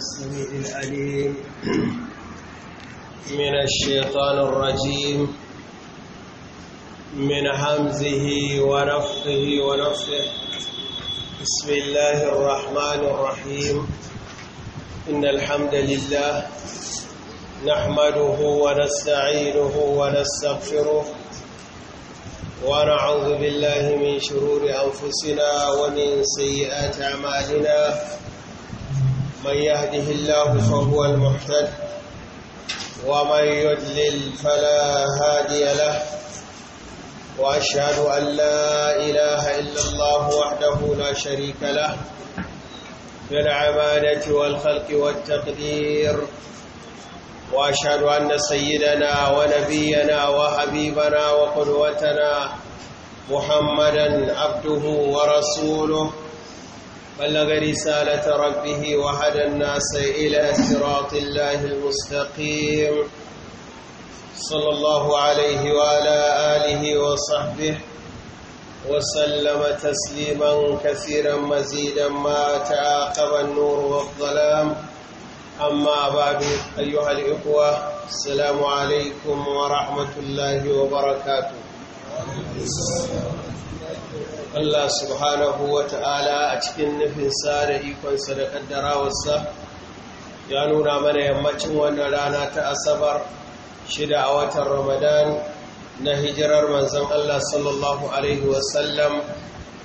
السميع العليم من الشيطان الرجيم من همزه ونفخه ونفخه بسم الله الرحمن الرحيم إن الحمد لله نحمده ونستعينه ونستغفره ونعوذ بالله من شرور أنفسنا ومن سيئات أعمالنا من يهده الله فهو المحتد ومن يدلل فلا هادي له وأشهد أن لا إله إلا الله وحده لا شريك له في العبادة والخلق والتقدير وأشهد أن سيدنا ونبينا وحبيبنا وقدوتنا محمدا عبده ورسوله بلغ رسالة ربه وهدى الناس إلى صراط الله المستقيم صلى الله عليه وعلى آله وصحبه وسلم تسليما كثيرا مزيدا ما تعاقب النور والظلام أما بعد أيها الإخوة السلام عليكم ورحمة الله وبركاته Allah subhanahu wa ta'ala a cikin nufin sa da ikonsa da kaddarawarsa ya nuna mana yammacin wannan rana ta asabar shida a watan ramadan na hijirar manzan Allah sallallahu Alaihi wasallam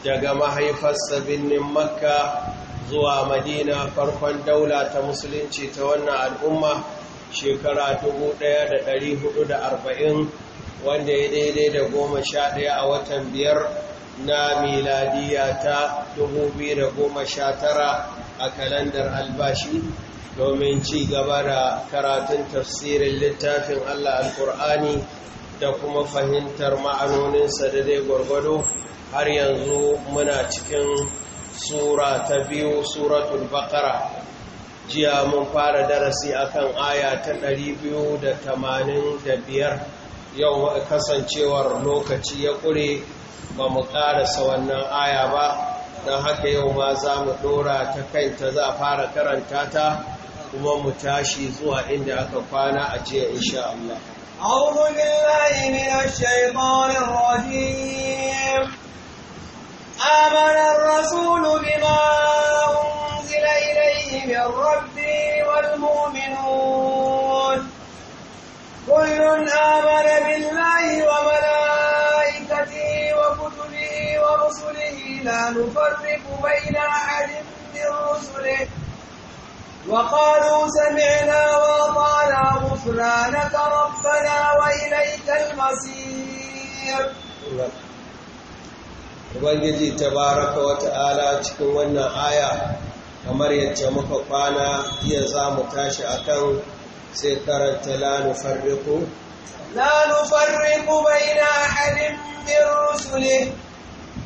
daga mahaifarsa birnin makka zuwa madina farkon daula ta musulunci ta wannan al'umma shekara 1440 wanda ya daidai da goma sha ɗaya a watan biyar na miladiya ta 2019 a kalandar albashi domin ci gaba da karatun tafsirin littafin Allah al-Qur'ani da kuma fahimtar ma'anoninsa da dai gwargwado har yanzu muna cikin sura ta biyu suratul bakara jiya mun fara darasi akan aya ta 285 yau kasancewar lokaci ya ƙure ba mu ƙarasa wannan aya ba don haka yau ma za mu ɗora ta kanta za a fara karanta ta kuma mu tashi zuwa inda aka kwana a jiya insha Allah. أعوذ آمن الرسول بما أنزل إليه من ربي والمؤمنون كل آمن بالله رسله لا نفرق بين أحد من رسله وقالوا سمعنا وأطعنا غفرانك ربنا وإليك المصير Ubangiji tabaraka wa ta'ala cikin wannan aya kamar yadda muka kwana iya za mu tashi akan sai karanta lanu la nufarriqu la nufarriqu baina ahadin min rusulihi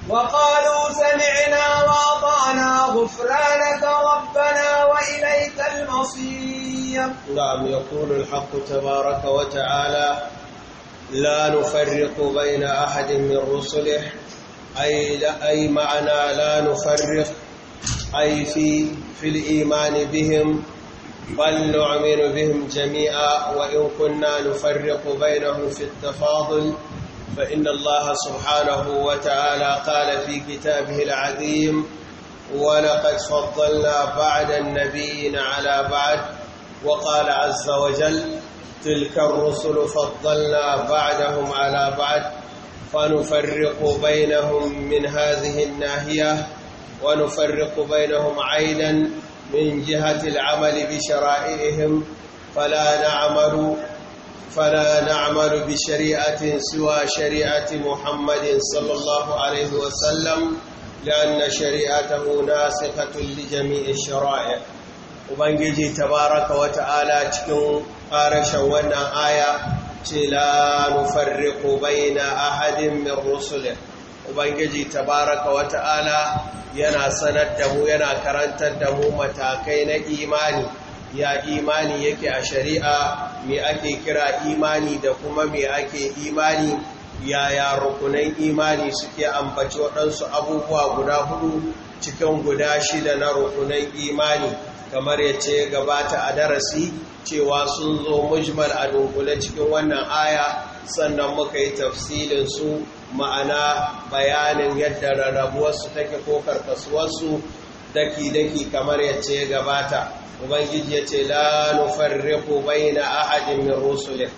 وقالوا سمعنا وأطعنا غفرانك ربنا وإليك المصير نعم يقول الحق تبارك وتعالى لا نفرق بين أحد من رسله أي, لا أي معنى لا نفرق أي في في الإيمان بهم بل نؤمن بهم جميعا وإن كنا نفرق بينهم في التفاضل فإن الله سبحانه وتعالى قال في كتابه العظيم ولقد فضلنا بعد النبيين على بعد وقال عز وجل تلك الرسل فضلنا بعدهم على بعد فنفرق بينهم من هذه الناهية ونفرق بينهم عينا من جهة العمل بشرائعهم فلا نعمل فلا نعمل بشريعة سوى شريعة محمد صلى الله عليه وسلم لأن شريعته ناسخة لجميع الشرائع وبنجي تبارك وتعالى تكون قارشا وانا آية لا نفرق بين أحد من رسله Ubangiji tabaraka wa ta'ala yana sanar da mu yana karantar da mu matakai na imani ya imani yake a shari'a me ake kira imani da kuma me ake imani yaya rukunan imani suke ambaci waɗansu abubuwa guda hudu cikin guda shida na rukunan imani kamar ya ce gabata a darasi cewa sun zo mujmal a dunkule cikin wannan aya sannan muka yi tafsilin su ma'ana bayanin yadda rarrabuwarsu take ko karkasuwarsu daki-daki kamar ya ce gabata ubangiji ya ce la bai baina ahadin min rusulih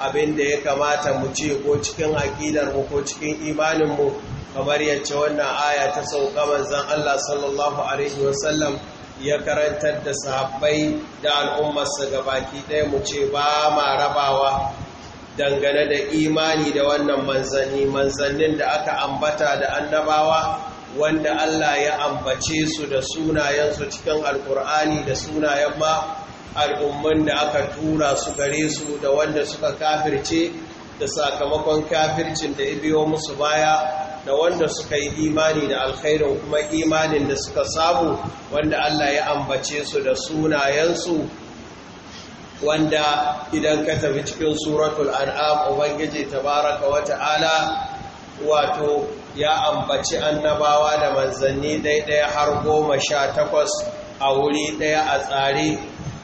abinda ya kamata mu ce ko cikin aqidar mu ko cikin imanin mu kamar yace wannan aya ta sauka manzon Allah sallallahu alaihi wasallam ya karantar da sahabbai da al'ummarsa baki ɗaya mu ce ba ma rabawa dangane da imani da wannan manzanni manzannin da aka ambata da annabawa wanda Allah ya ambace su da sunayensu cikin alkur'ani da sunayen ba al'umman da aka tura su gare su da wanda suka kafirce da sakamakon kafircin da ibiyo musu baya da wanda suka yi imani da alkhairin kuma imanin da suka samu wanda Allah ya ambace su da sunayensu wanda idan ka tafi cikin suratul an'am ubangiji tabaraka wata'ala wato ya ambaci annabawa da manzanni daidai har goma sha takwas a wuri ɗaya a tsare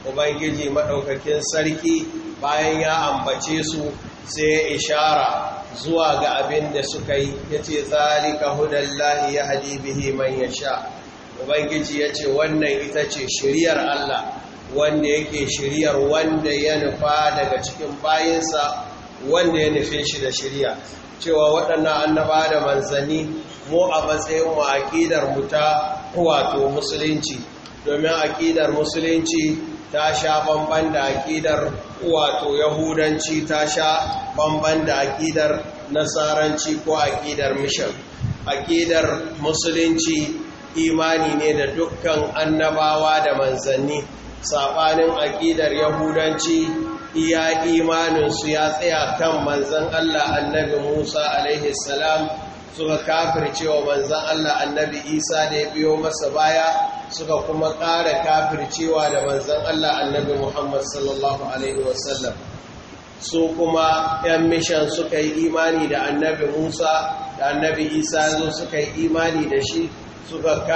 ubangiji maɗaukakin sarki bayan ya ambace su sai ya ishara zuwa ga abin da suka yi ya ce tsarika hudallahi ya haɗi bihi man ya sha ubangiji ya ce wannan ita ce shiryar allah wanda yake shiryar wanda ya nufa daga cikin bayansa wanda ya nufin shi da shirya cewa waɗannan annaba da manzanni mu a matsayin mu aƙidar mu ta wato musulunci domin aƙidar musulunci ta sha bamban da aƙidar wato yahudanci ta sha bamban da aƙidar nasaranci ko aƙidar mishan aƙidar musulunci imani ne da dukkan annabawa da manzanni saɓanin aƙidar yahudanci iya imaninsu ya tsaya kan manzan Allah annabi Musa alaihi salam suka kafircewa manzan Allah annabi Isa da ya biyo masa baya suka kuma ƙara kafircewa da manzan Allah annabi Muhammad sallallahu alaihi wasallam su kuma ‘yan mishan suka yi imani da annabi Musa da annabi Isa zo suka yi imani da shi suka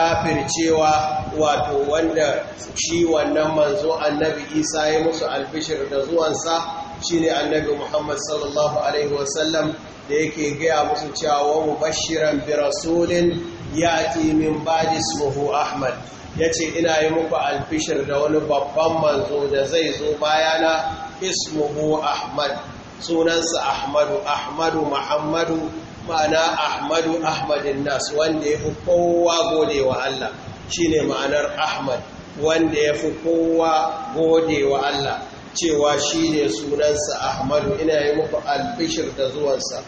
cewa wato wanda shi wannan manzo annabi isa ya musu albishir da zuwansa shine annabi muhammad sallallahu alaihi wasallam da yake gaya musu cewa wa bashiran bi rasulin yati min ba'di ismuhu ahmad Ya ce ina yi muku albishir da wani babban manzo da zai zo bayana ismuhu ahmad sunansa ahmadu ahmadu muhammadu ma'ana ahmadu ahmadin nas wanda ya fi kowa gode wa Allah ne ma'anar ahmad wanda ya fi kowa gode wa Allah cewa shi ne sunansa ahmadu ina yi muku albishir da zuwansa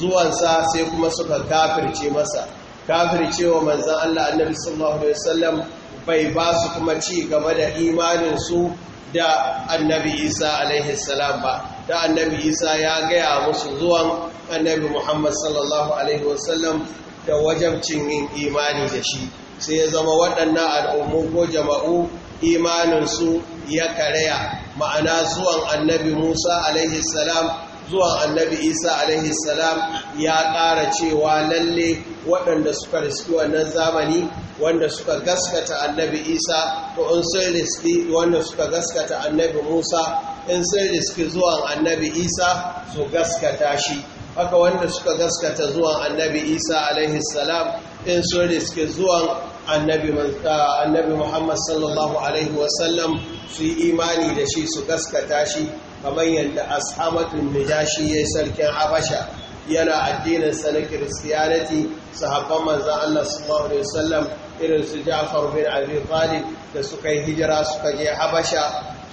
zuwansa sai kuma suka kafirce masa kafirce wa manzan Allah annabi sallallahu alaihi wasallam bai ba su kuma ci gaba da imaninsu da annabi isa alaihi salam ba da annabi isa ya gaya musu zuwan annabi Muhammad sallallahu Alaihi wasallam da wajabcin yin imani da shi sai ya zama waɗannan al'ummu ko jama'u imaninsu ya karaya ma'ana zuwan annabi Musa alaihi salam zuwan annabi Isa alaihi salam ya ƙara cewa lalle waɗanda suka riski wannan zamani wanda suka gaskata annabi Isa to in sun riski wanda suka gaskata annabi Musa in sun riski zuwan annabi Isa su gaskata shi haka wanda suka gaskata zuwan annabi isa alaihi salam in sun riske zuwan annabi muhammad sallallahu alaihi wasallam su yi imani da shi su gaskata shi kamar yadda ashamatun nijashi ya yi sarkin habasha yana addininsa na kiristiyaniti sahabban manzan allah sallallahu alaihi wasallam irin su ja'far bin abi talib da suka yi hijira suka je habasha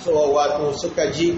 so wato suka ji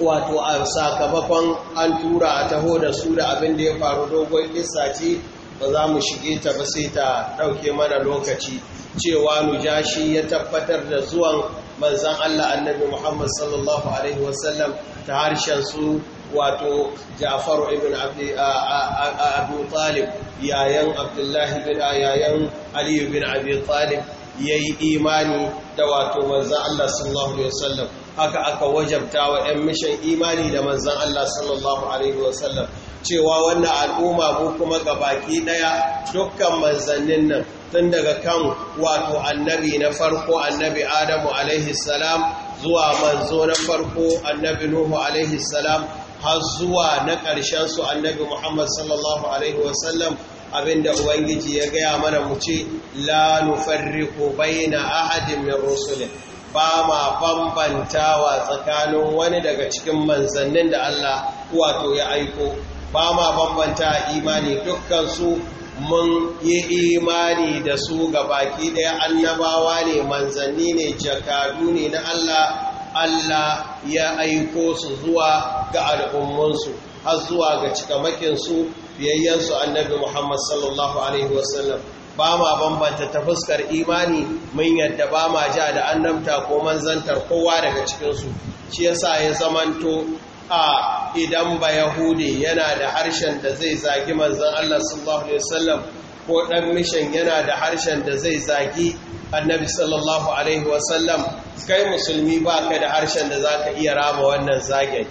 wato a sakamakon an tura a taho da su da abin da ya faru dogon kissa ce ba za mu shige ta ba sai ta ɗauke mana lokaci cewa nujashi ya tabbatar da zuwan manzan Allah annabi Muhammad sallallahu Alaihi wasallam ta harshen su wato Ja'faru ibn Abu Talib yayan Abdullahi bin yayan Aliyu bin Abi Talib ya yi imani da wato manzan Allah sallallahu Alaihi wasallam haka aka wajabta wa 'yan mishan imani da manzan Allah sallallahu Alaihi wasallam cewa wannan al'umma mu kuma ga baki ɗaya dukkan manzannin nan tun daga kan wato annabi na farko annabi Adamu alaihi salam zuwa manzo na farko annabi Nuhu alaihi salam har zuwa na ƙarshen su annabi Muhammad sallallahu alaihi wasallam abinda Ubangiji ya gaya mana mu ce la nufarriqu baina ahadin min rusulih ba ma bambantawa tsakanin wani daga cikin manzannin da Allah wato ya aiko ba ma bambanta imani dukkansu mun yi imani da su ga baki ɗaya annabawa ne manzanni ne jakadu ne na Allah Allah ya aiko su zuwa ga al'ummansu har zuwa ga cikamakinsu biyayyensu annabi Muhammad sallallahu Alaihi wasallam ba ma bambanta ta fuskar imani mun yadda ba ma ja da annabta ko manzantar kowa daga cikinsu shi ya sa ya zamanto a idan ba yahudi yana da harshen da zai zagi manzan Allah sallallahu alaihi wasallam ko ɗan mishan yana da harshen da zai zagi annabi sallallahu alaihi wasallam kai musulmi ba ka da harshen da za ka iya rama wannan zagin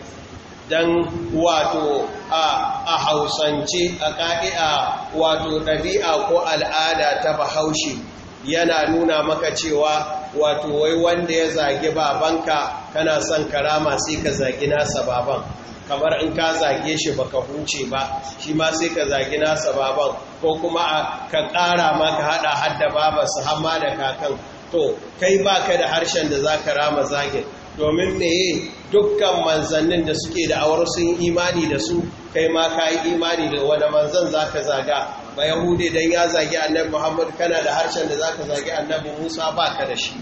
don wato a hausance a ka'i'a wato ɗabi'a ko al'ada ta bahaushe yana nuna maka cewa wato wai wanda ya zagi babanka kana son karama sai ka zagi nasa baban kamar in ka zage shi baka huce ba shi ma sai ka zagi nasa baban ko kuma ka ƙara maka haɗa hadda su hama da kakan to kai ba ka da harshen da za ka rama zagin domin meye dukkan manzannin da suke da awar sun imani da su kai ma ka yi imani da wani manzan za ka zaga ba yahudi don ya zagi annabi muhammad kana da harshen da za ka zagi annabi musa ba ka da shi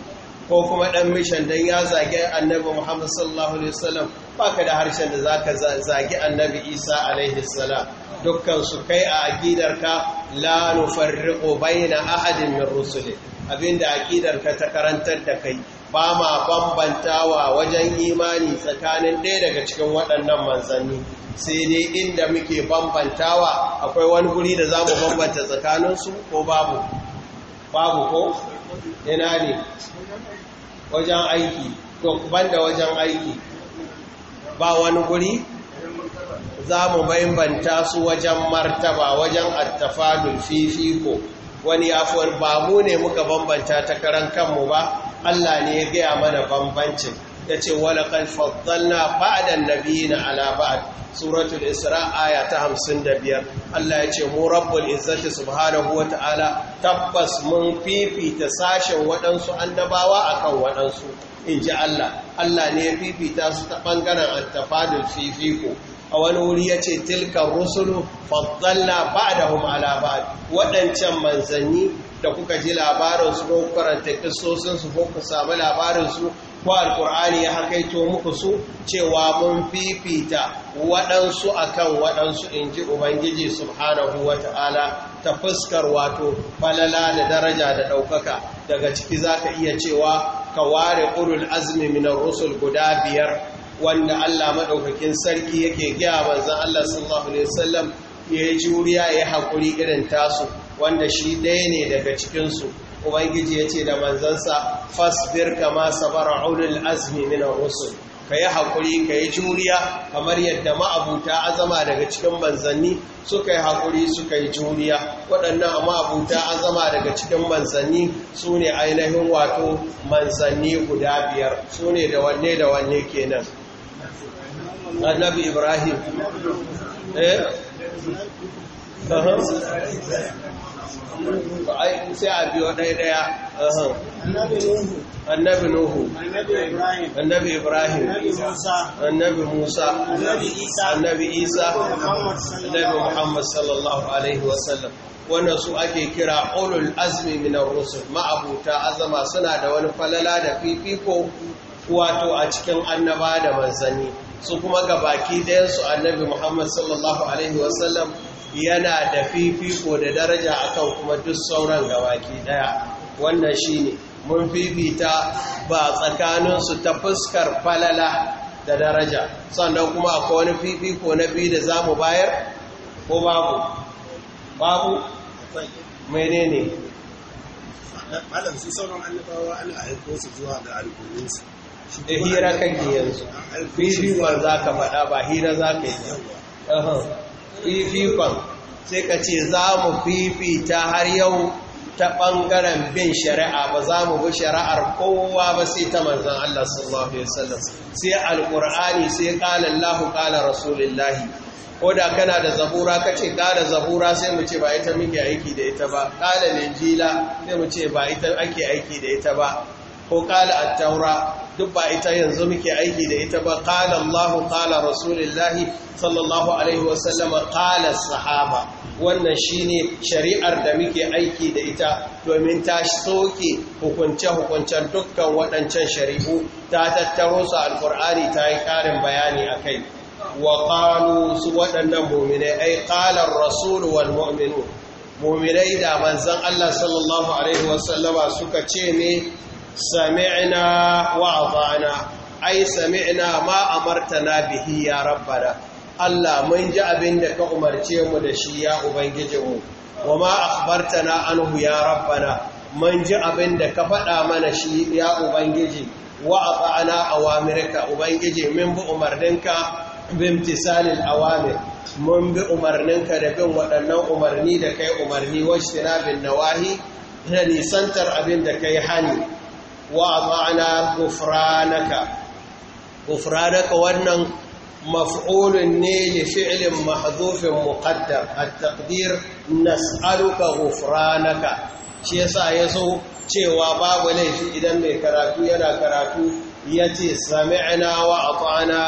ko kuma Dan mishan don ya zagi annabi muhammad sallallahu alaihi wasallam ba ka da harshen da za ka zagi annabi isa alaihi salam dukkan su kai a ka la nufarriqu bayna ahadin min rusuli abinda ka ta karantar da kai ba ma bambantawa wajen imani tsakanin ɗaya daga cikin waɗannan manzanni sai dai inda muke bambantawa akwai wani guri da za mu bambanta tsakaninsu ko babu babu ko ina ne wajen aiki to banda wajen aiki ba wani guri za mu bambanta su wajen martaba wajen attafadul fifiko wani afuwar ba mu ne muka bambanta ta karan kanmu ba Allah ne ya gaya mana bambancin ya ce wani kalfaddalla na nabi na alaba'ad suratul isra aya ta hamsin da biyar Allah ya ce mu rabbul izzati subhanahu wa ta'ala tabbas mun fifita sashen waɗansu annabawa kan waɗansu in ji Allah Allah ne ya fifita su ta ɓangaren attafadul fifiko a wani wuri ya ce tilka rusulu faddalla ba da hum ala waɗancan manzanni da kuka ji su ko karanta kisosinsu ko ku sami su ko alkur'ani ya hakaito muku su cewa mun fifita waɗansu akan waɗansu in ji ubangiji subhanahu wa ta'ala ta fuskar wato falala da daraja da ɗaukaka daga ciki za ka iya cewa ka ware ƙulul azumi minar rusul guda biyar wanda Allah maɗaukakin sarki yake gya manzan Allah sallallahu Alaihi wasallam ya yi juriya ya haƙuri irin tasu wanda shi ɗaya ne daga cikinsu ubangiji ya ce da manzansa fasbir kama sabara ulul azmi min rusul ka yi haƙuri ka yi juriya kamar yadda ma'abuta azama daga cikin manzanni suka yi haƙuri suka yi juriya waɗannan ma'abuta azama daga cikin manzanni su ne ainihin wato manzanni guda biyar su ne da wanne da wanne kenan annabi ibrahim eh uh-huh. ai sai a biyo ɗaya ɗaya uh-huh. annabi nuhu wannan su ake kira ulul azumi minar rusul ma'abuta azama suna da wani falala da fifiko wato a cikin annaba da manzanni su kuma ga baki ɗayansu annabi muhammad sallallahu alaihi wasallam yana da fifiko da daraja akan kuma duk sauran ga baki ɗaya wannan shi ne mun fifita ba tsakaninsu ta fuskar falala da daraja sannan kuma akwai wani fifiko na biyu da za mu bayar ko babu babu mene ne malam su sauran annabawa ana aiko su zuwa ga alkuninsu da hira kake yanzu fifikon za ka faɗa ba hira za ka yi fifikon sai ka ce za mu fifita har yau ta ɓangaren bin shari'a ba za mu bi shari'ar kowa ba sai ta manzan Allah sallallahu Alaihi wasallam sai alƙur'ani sai ƙalan lahu ƙalan rasulillahi ko da kana da zabura ka ce ƙala zabura sai mu ce ba ita muke aiki da ita ba ƙalan linjila sai mu ce ba ita ake aiki da ita ba ko ƙala attaura duk ba ita yanzu muke aiki da ita ba ƙala Allah ƙala Rasulullahi sallallahu Alaihi wasallama ƙala sahaba wannan shine shari'ar da muke aiki da ita domin ta soke hukunce hukunce dukkan waɗancan shari'u ta tattaro su alƙur'ani ta yi ƙarin bayani a kai wa su waɗannan muminai ai ƙalar rasulu wal muminai da manzon Allah sallallahu Alaihi wasallama suka ce ne sami'na wa ai sami'na ma amartana bihi ya rabbana Allah mun ji abin da ka umarce mu da shi ya ubangijinmu wa ma akhbartana anhu ya rabbana mun ji abin da ka faɗa mana shi ya ubangiji wa ata'na awamirka ubangiji min bi umarninka bimtisalil awamir mun bi umarninka da bin waɗannan umarni da kai umarni wajtinabin nawahi da nisantar abin da kai hani wa ma'ana gufranaka gufranaka wannan maf'ulun ne fi'ilin fi'lin mukaddar a takdir na nas'aluka gufranaka shi yasa yazo cewa babu laifi idan mai karatu yana karatu yace ina wa ata'na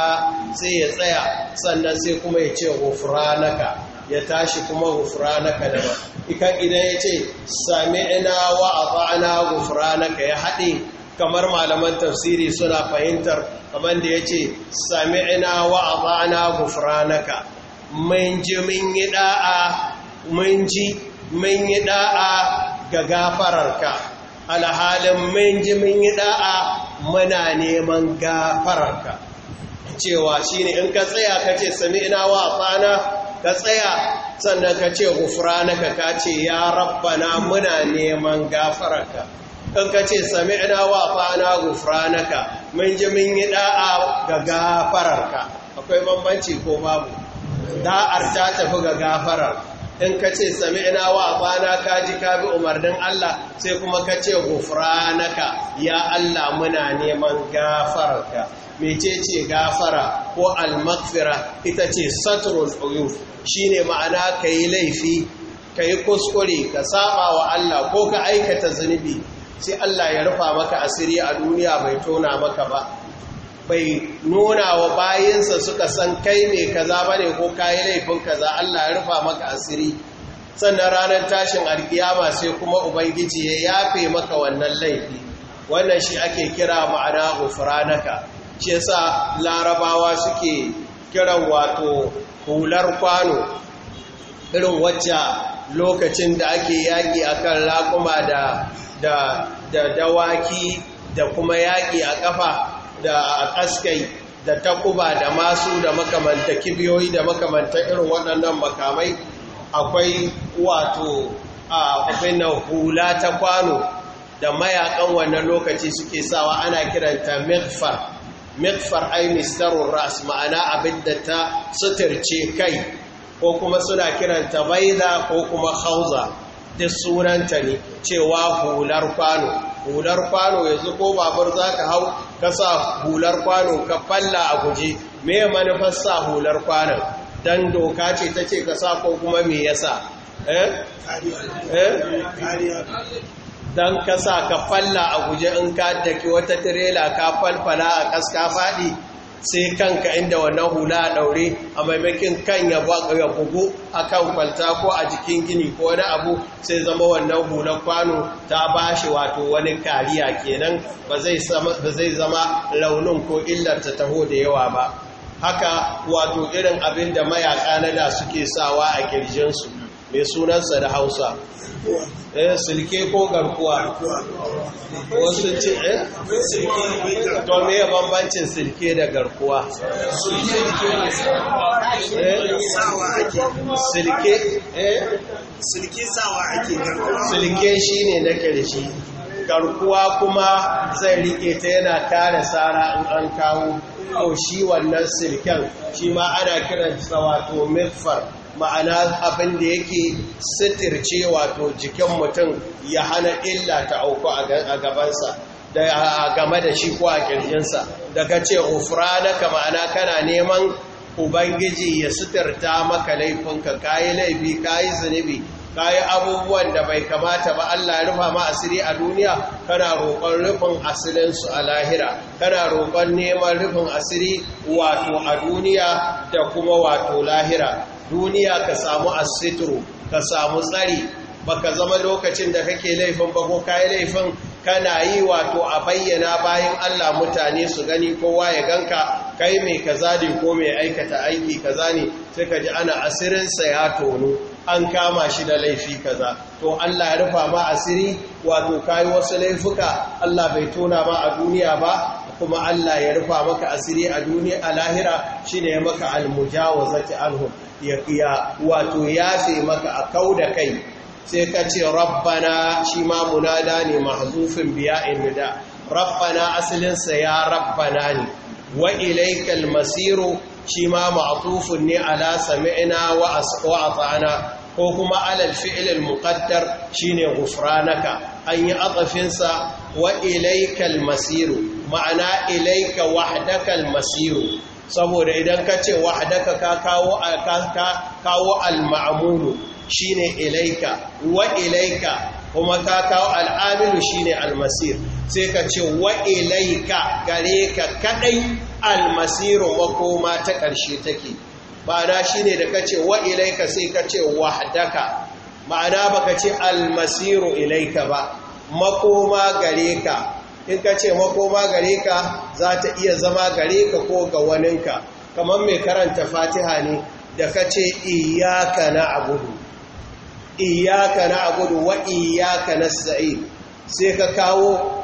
sai ya tsaya sannan sai kuma ya ce gufranaka ya tashi kuma gufranaka da ba ikan idan ya ce sami ina wa na ka. ya haɗe kamar malaman tafsiri suna fahimtar kamar da ya ce sami ina wa gufura gufranaka mun ji mun yi ɗa'a. mun ji mun yi ɗa'a ga gafararka alhalin mun ji mun yi ɗa'a. muna neman gafararka cewa shine in ka tsaya ka ce sami ina wa ata'ana ka tsaya sannan ka ce gufura na ka ce ya rabbana muna neman gafararka in ka ce sami ina wa fa'ana ka mun ji mun yi da'a ga gafararka akwai bambanci ko babu da'ar ta tafi ga gafarar in ka ce sami ina wa fa'ana ka ji ka bi umarnin Allah sai kuma ka ce gufura gufranaka ya Allah muna neman gafararka mecece gafara ko almakfira ita ce satrul uyuf ne ma'ana ka yi laifi ka yi kuskure ka saba wa Allah ko ka aikata zunubi sai Allah ya rufa maka asiri a duniya bai tona maka ba bai nuna wa bayinsa suka san kai mai kaza bane ko kai laifin kaza Allah ya rufa maka asiri sannan ranar tashin alkiyama sai kuma ubangiji ya yafe maka wannan laifi wannan shi ake kira ma'ana gufranaka ce sa larabawa suke kiran wato hular kwano irin wacce lokacin da ake yaƙi akan raƙuma da da dawaki da kuma yaƙi a ƙafa da a ƙaskai da takuba da masu da makamanta kibiyoyi da makamanta irin waɗannan makamai akwai wato a na hula ta kwano da mayaƙan wannan lokaci suke sawa ana kiranta mikfar Mitfar ai mistarun ras ma'ana abin da ta suturce kai ko kuma suna kiranta baiza ko kuma hauza da sunanta ne cewa hular kwano hular kwano yanzu ko babur za ka hau ka sa hular kwano ka falla a guji me manufar sa hular kwano? don doka ce ta ce ka sa ko kuma me yasa eh? eh? don ka sa ka falla a guje in ka daki wata tirela ka falfala a kaska faɗi sai kanka inda wannan hula a ɗaure a maimakin kan ya bugu a kan kwalta ko a jikin gini ko wani abu sai zama wannan hula kwano ta ba shi wato wani kariya kenan ba zai zama launin ko illarta taho da yawa ba haka wato irin abin da mayaƙa na da suke sawa a kirjinsu mai sunansa da hausa eh silke ko garkuwa wasu ce eh to me ya bambancin silke da garkuwa silke eh silke sawa ake garkuwa silke shine na karshe garkuwa kuma zai rike ta yana tare tsara in an kawo ko shi wannan silken shi ma ana kiransa wato mikfar ma'ana abin da yake sitirce wato jikin mutum ya hana illa ta auku a gabansa da game da shi ko a kirjinsa daga ce ufranaka ma'ana kana neman ubangiji ya sitirta maka laifinka kayi laifi kayi zunubi kayi abubuwan da bai kamata ba Allah ya rufa ma asiri a duniya kana roƙon rufin asirinsu a lahira kana roƙon neman rufin asiri wato a duniya da kuma wato lahira duniya ka samu asituru ka samu tsari ba ka zama lokacin da kake laifin ba ko kai laifin kana yi wato a bayyana bayan Allah mutane su gani kowa ya ganka kai mai kaza ne ko mai aikata aiki kaza ne sai ka ji ana asirinsa ya tono an kama shi da laifi kaza to Allah ya rufa ma asiri wato kai wasu laifuka Allah bai tona ba a duniya ba kuma Allah ya rufa maka asiri a duniya a lahira ne ya maka almujawazati alhu ya wato yafe maka a kau da kai sai ka ce rabbana shi ma munada ne mahzufin biya nida rabbana asalinsa ya rabbana ne wa ilaikal masiru shi ma ma'tufun ne ala sami'na wa ata'ana ko kuma alal fi'lil muqaddar shine ghufranaka an yi atafinsa wa ilaikal masiru ma'ana ilaika wahdakal masiru saboda idan ka ce wahdaka ka kawo ka kawo al-ma'mulu shine ilaika wa ilaika kuma ka kawo al-amilu shine al-masir sai ka ce wa ilaika gare ka kadai al-masiru makoma ta karshe take shi shine da ka ce wa ilaika sai ka ce wahdaka ma'ana baka ce al-masiru ilaika ba makoma gare ka in ka ce makoma gare ka za ta iya zama gare ka ko ga waninka kamar mai karanta fatiha ne da ka ce iyaka na abudu iyaka na abudu wa iyaka na sa'i sai ka kawo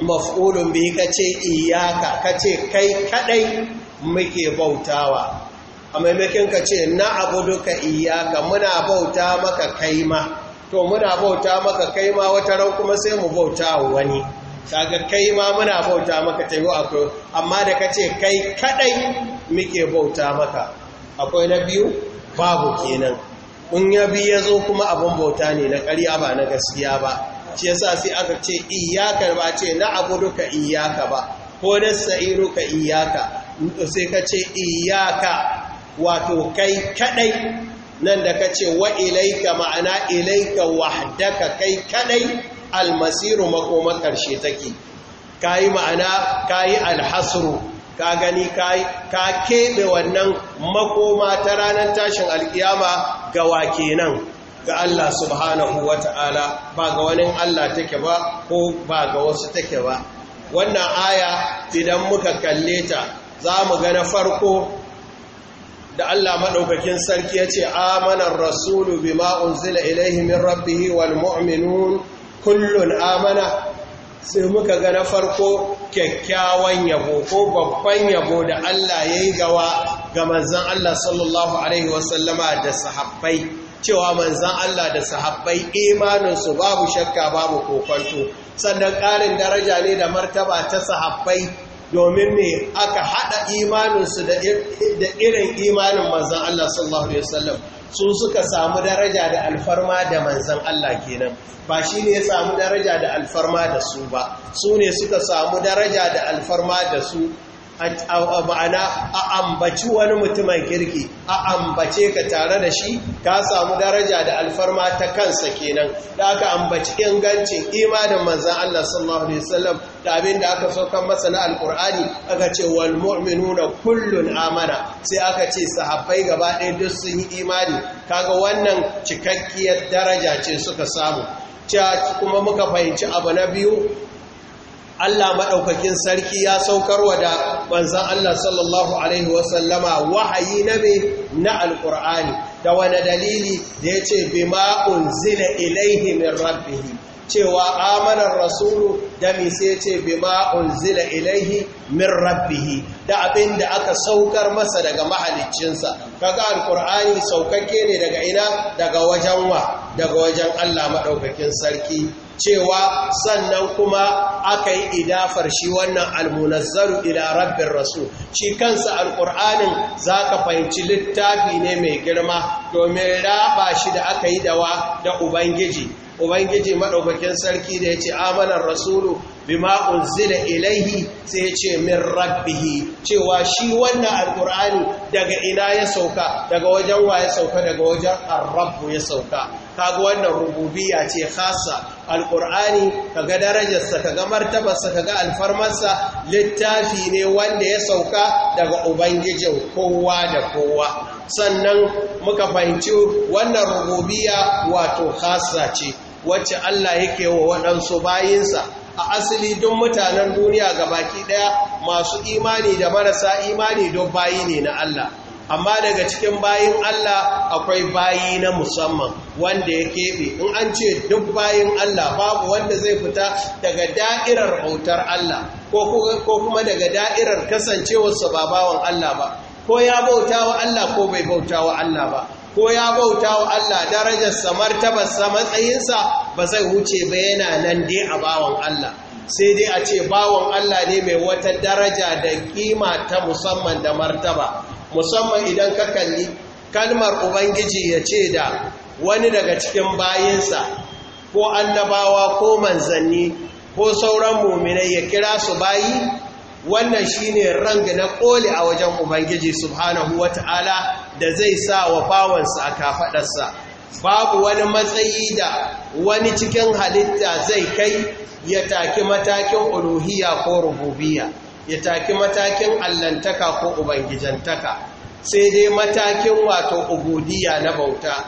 maf'ulun bi ka ce iyaka ka ce kai kadai muke bautawa a maimakon ka ce na abudu ka iyaka muna bauta maka kaima to muna bauta maka kaima wata ran kuma sai mu bauta wani shagar kai ma muna bauta maka yi akwai amma da ka ce kai kadai muke bauta maka akwai na biyu babu kenan in ya bi ya zo kuma abin bauta ne na karya ba na gaskiya ba ce yasa sai aka ce iyakar ba ce na abu duka iyaka ba ko na ka iyaka sai ka ce iyaka wato kai kadai nan da ka ce wa ilaika ma'ana ilaika wahdaka kai kadai almasiru makoma ƙarshe take ka yi ma'ana ka yi alhasru ka gani ka keɓe wannan makoma ta ranar tashin alkiyama ga wake nan ga Allah subhanahu wa ta'ala ba ga wani Allah take ba ko ba ga wasu take ba wannan aya idan muka kalle ta za mu ga na farko da Allah maɗaukakin sarki ya ce, Amanar Rasulu bi ma'un zila ilaihi min rabbihi wal mu'minun kullun amana sai muka ga na farko kyakkyawan yabo ko babban yabo da Allah ya yi gawa ga manzan Allah sallallahu Alaihi wasallama da sahabbai cewa manzan Allah da sahabbai imaninsu babu shakka babu kokonto sannan ƙarin daraja ne da martaba ta sahabbai domin ne aka haɗa imaninsu da irin imanin manzan Allah sallallahu Alaihi wasallama su suka samu daraja da alfarma da manzan Allah kenan ba shi ne ya samu daraja da alfarma da su ba su ne suka samu daraja da alfarma da su ma'ana a ambaci wani mutumin kirki a ambace ka tare da shi ka samu daraja da alfarma ta kansa kenan da aka ambaci ingancin imanin manzan Allah sallallahu alaihi wasallam da abin da aka saukan masa na alkur'ani aka ce wal mu'minuna kullun amana sai aka ce sahabbai gaba ɗaya duk sun yi imani kaga wannan cikakkiyar daraja ce suka samu kuma muka fahimci abu na biyu Allah maɗaukakin sarki ya saukarwa da manzan Allah sallallahu Alaihi wasallama wahayi na me na alƙur'ani da wane dalili da ya ce bi ma'un zina ilaihi min rabbihi cewa amanar rasulu da sai ce bi ma'un zina ilaihi min rabbihi da abin da aka saukar masa daga mahaliccinsa kaga alƙur'ani saukakke ne daga ina daga wajen wa daga wajen Allah maɗaukakin sarki cewa sannan kuma aka yi idafar shi wannan almunazzaru ila rabbin rasu, shi kansa alƙur'anin za ka fahimci littafi ne mai girma domin raba shi da aka yi dawa da ubangiji ubangiji maɗaukakin sarki da ya ce amanar rasulu bima unzila ilaihi sai ya ce min rabbihi cewa shi wannan alkur'ani daga ina ya sauka daga wajen wa ya sauka daga wajen arrabu ya sauka kaga wannan rububiyya ce khassa alkur'ani kaga darajarsa kaga martabarsa kaga alfarmarsa littafi ne wanda ya sauka daga ubangijin kowa da kowa sannan muka fahimci wannan rububiyya wato khassa ce wacce Allah yake wa waɗansu bayinsa a asali don mutanen duniya ga baki daya masu imani da marasa imani don bayi ne na Allah amma daga cikin bayin Allah akwai bayi na musamman wanda ya keɓe in an ce duk bayin Allah babu wanda zai fita daga da'irar hautar Allah ko kuma daga da'irar kasancewarsa ba Allah ba ko ya bauta wa Allah ko bai bauta wa Allah ba ko ya bauta wa Allah darajarsa martabarsa matsayinsa ba zai wuce ba yana nan dai a bawan Allah sai dai a ce bawan Allah ne mai wata daraja da kima ta musamman da martaba musamman idan ka kalli kalmar ubangiji ya ce da wani daga cikin bayinsa ko annabawa ko manzanni ko sauran muminai ya kira su bayi wannan shine rang na koli a wajen ubangiji subhanahu wata'ala da zai sa wa bawansa a kafaɗarsa babu wani matsayi da wani cikin halitta zai kai ya taki matakin uluhiyya ko Rububiya, ya taki matakin allantaka ko ubangijantaka sai dai matakin wato ubudiya na bauta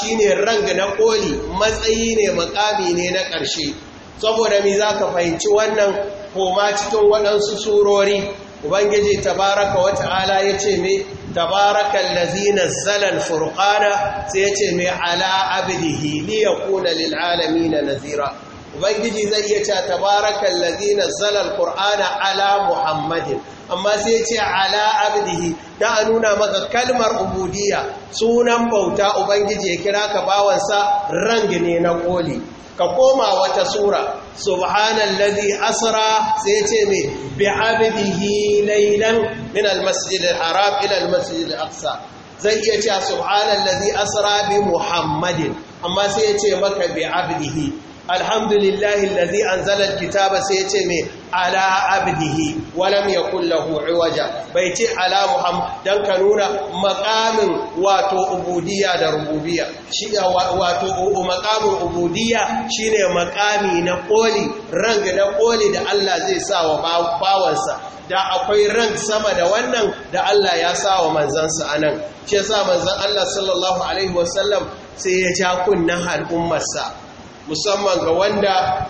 shi ne ranga na koli matsayi ne makami ne na ƙarshe saboda mi za ka fahimci wannan koma cikin waɗansu surori ubangiji tabaraka wata ala ya ce me Tabarakan lazina zalan al-furqana sai yace mai ala abdihi li yakuna lil alamin nazira ubangiji zai iya cewa tabarakan ladzi nazzala kur'ana qurana ala muhammadin amma sai yace ala abdihi da a nuna maka kalmar ubudiyya sunan bauta ubangiji ya kira ka bawansa rang ne na koli ka koma wata sura subhanallazi asra sai ce me bi abdihi laylan min almasjidil haram ila almasjidil aqsa zai iya cewa subhanallazi asra bi muhammadin amma sai ya ce maka bi abdihi alhamdulillahi allazi anzala kitaba sai ce mai ala abdihi wa ya kulla lahu waje. bai ce ala muhammad don ka nuna makamin wato ubudiya da rububiya. shi wato ubudiya ubudiya shine maƙami na koli rang na ƙoli da Allah zai sa wa bawansa da akwai rang sama da wannan da Allah ya sa wa manzansa nan shi sa manzan Allah sallallahu alaihi wasallam sai ya ja kunnen al'ummarsa musamman ga wanda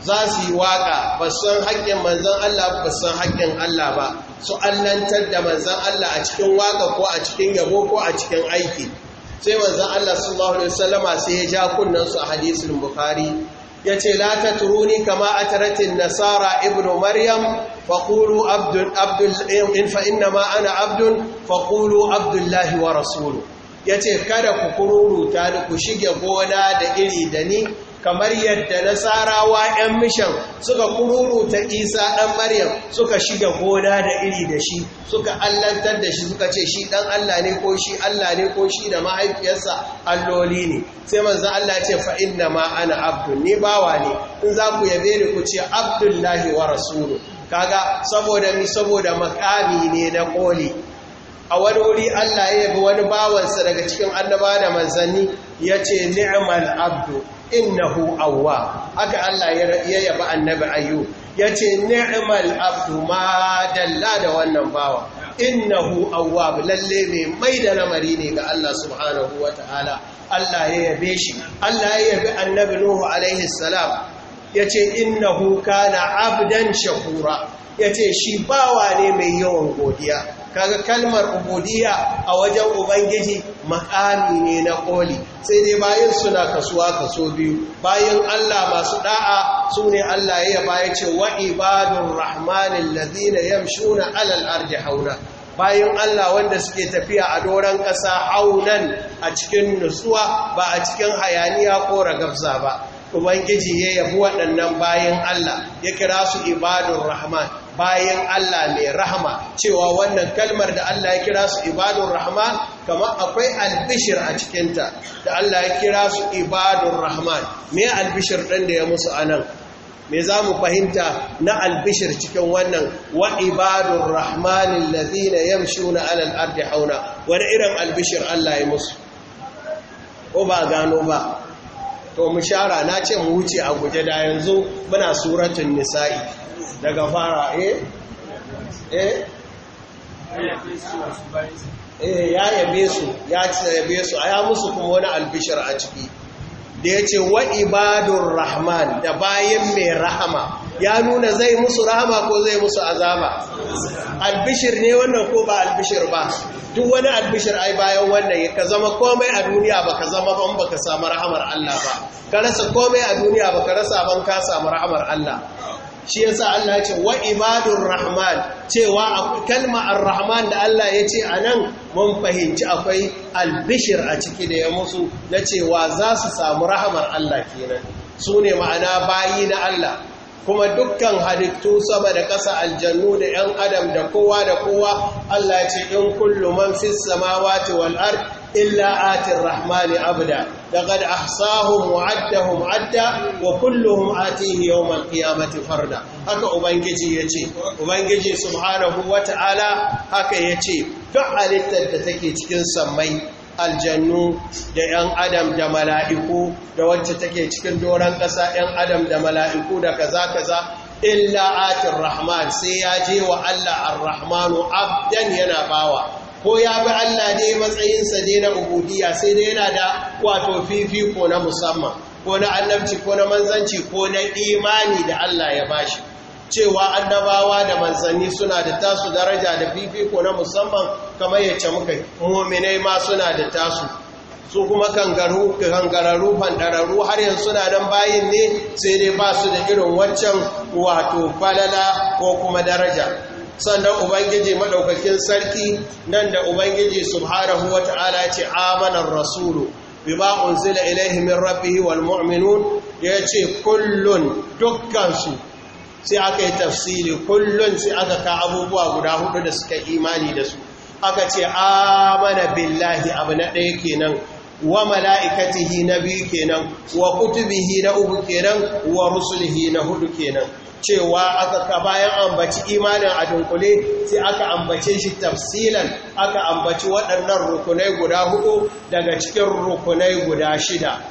za su yi waƙa ba san haƙƙin manzan Allah ba san haƙƙin Allah ba su allantar da manzan Allah a cikin waƙa ko a cikin yabo ko a cikin aiki sai manzan Allah sallallahu alaihi wasallama sai ya ja kunnan su a hadisin bukhari yace la tatruni kama ataratin nasara ibnu maryam fa qulu abdul abdul in fa ma ana abdun fa abdullahi wa rasuluhu yace kada ku kururuta ni ku shige gona da iri da ni kamar yadda nasarawa 'yan mishan suka kururuta isa ɗan maryam suka shiga gona da iri da shi suka allantar da shi suka ce shi ɗan allah ne ko shi allah ne ko shi da mahaifiyarsa alloli ne sai manzan allah ce fa'in ma ma'ana abdul ni bawa ne in za ku yabe ni ku ce abdullahi wa rasulu kaga saboda mi saboda makami ne na koli a wani wuri Allah ya yabi wani bawansa daga cikin annaba da manzanni ya ce ni'mal abdu innahu awwa aka Allah ya yabi annabi ayyu ya ce ni'mal abdu ma dalla da wannan bawa innahu awwa lalle mai mai da lamari ne ga Allah subhanahu wataala Allah ya yabe shi Allah ya yabi annabi nuhu alaihi salam ya ce innahu kana abdan shakura ya ce shi bawa ne mai yawan godiya kaga kalmar ubudiya a wajen ubangiji makami ne na koli sai dai bayan suna kasuwa kaso biyu bayan Allah masu da'a su ne Allah ya yaba ya ce wa ibadun rahmanin ladina yamshuna alal arji hauna bayan Allah wanda suke tafiya a doron ƙasa haunan a cikin nutsuwa ba a cikin hayaniya ko ragabza ba ubangiji ya yabi waɗannan bayan Allah ya kira su ibadun rahman bayan Allah mai rahama cewa wannan kalmar da Allah ya kira su ibadun rahman kamar akwai albishir a cikinta da Allah ya kira su ibadun rahman me albishir ɗin da ya musu anan me za mu fahimta na albishir cikin wannan wa ibadun rahmanin lazina yamshuna alal ardi hauna wani irin albishir Allah ya musu ko ba gano ba to mu shara na ce mu wuce a guje da yanzu muna suratun nisa'i daga fara eh? eh eh ya yabe su ya yabe su a ya musu kuma wani albishir a ciki da ya ce wa ibadun rahman da bayan mai rahama ya nuna zai musu rahama ko zai musu azaba albishir ne wannan ko ba albishir ba duk wani albishir ai bayan wannan ka zama komai a duniya ba ka zama ban ba ka samu rahamar Allah ba ka rasa komai a duniya ba ka rasa ban ka samu rahamar Allah shi yasa Allah ya ce wa ibadur rahman cewa kalma ar-rahman da Allah ya ce anan mun fahimci akwai albishir a ciki da ya musu na cewa za su samu rahamar Allah kenan su ne ma'ana bayi na Allah kuma dukkan halittu sama da ƙasa aljannu da 'yan adam da kowa da kowa Allah ya ce in kullu man fis samawati wal ard illa atir rahmani abda laqad ahsahum wa'adahum 'adda wa kulluhum atihi yawm al-qiyamati farda haka ubangiji yace ubangiji subhanahu wa ta'ala haka yace fa'alita da take cikin sammai aljannu da yan adam da mala'iku da wacce take cikin doron ƙasa, yan adam da mala'iku da kaza kaza illa atir rahman sai ya je wa allah ar-rahmanu abdan yana bawa ko ya bi Allah ne matsayinsa ne na ubudiya sai dai yana da wato fifiko na musamman ko na annabci ko na manzanci ko na imani da Allah ya bashi cewa annabawa da manzanni suna da tasu daraja da fifiko na musamman kamar ce muka mu'minai ma suna da tasu su kuma kangaru kangararu fandararru har yanzu suna dan bayin ne sai dai ba su da irin waccan wato falala ko kuma daraja sannan ubangiji madaukakin sarki nan da ubangiji subhanahu wata'ala ce amanar rasulu bima unzila ilaihi min rabbih wal mu'minun ce kullun dukkan su sai aka yi tafsiri kullun sai aka ka abubuwa guda hudu da suka imani da su aka ce amana billahi abu na ɗaya kenan wa mala'ikatihi na biyu kenan wa kutubihi na uku kenan wa rusulihi na hudu kenan cewa aka bayan ambaci imanin a dunkule sai aka ambace shi tafsilan aka ambaci waɗannan rukunai guda hudu daga cikin rukunai guda shida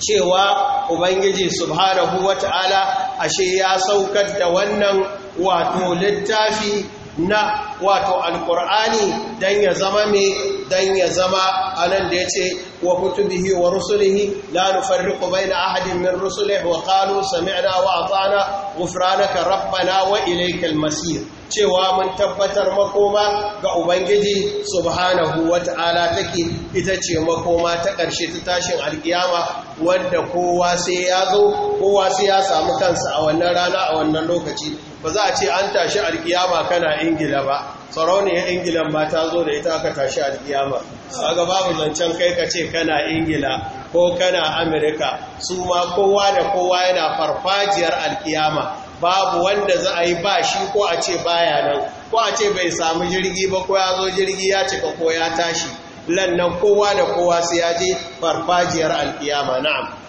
cewa ubangiji subhanahu wata'ala ashe ya saukar da wannan wato littafi na wato alkur'ani dan ya zama mai dan ya zama anan da yace wa kutubihi wa rusulihi la nufarriqu baina ahadin min rusulihi wa qalu sami'na wa ata'na ghufranaka rabbana wa ilaykal masir cewa mun tabbatar makoma ga ubangiji subhanahu wata'ala take ita ce makoma ta ƙarshe ta tashin alkiyama wanda kowa sai ya zo kowa sai ya samu kansa a wannan rana a wannan lokaci ba za a ce an tashi alkiyama kana ingila ba sarauniya ingila ma ta zo da ita aka tashi alkiyama aga babu zancen kai ka ce kana ingila ko kana amerika su ma kowa da kowa yana farfajiyar alkiyama babu wanda za a yi ba shi ko a ce baya nan ko a ce bai samu jirgi ba ko ya zo jirgi ya cika ko ya tashi lannan kowa da kowa sai ya je farfajiyar alkiyama na'am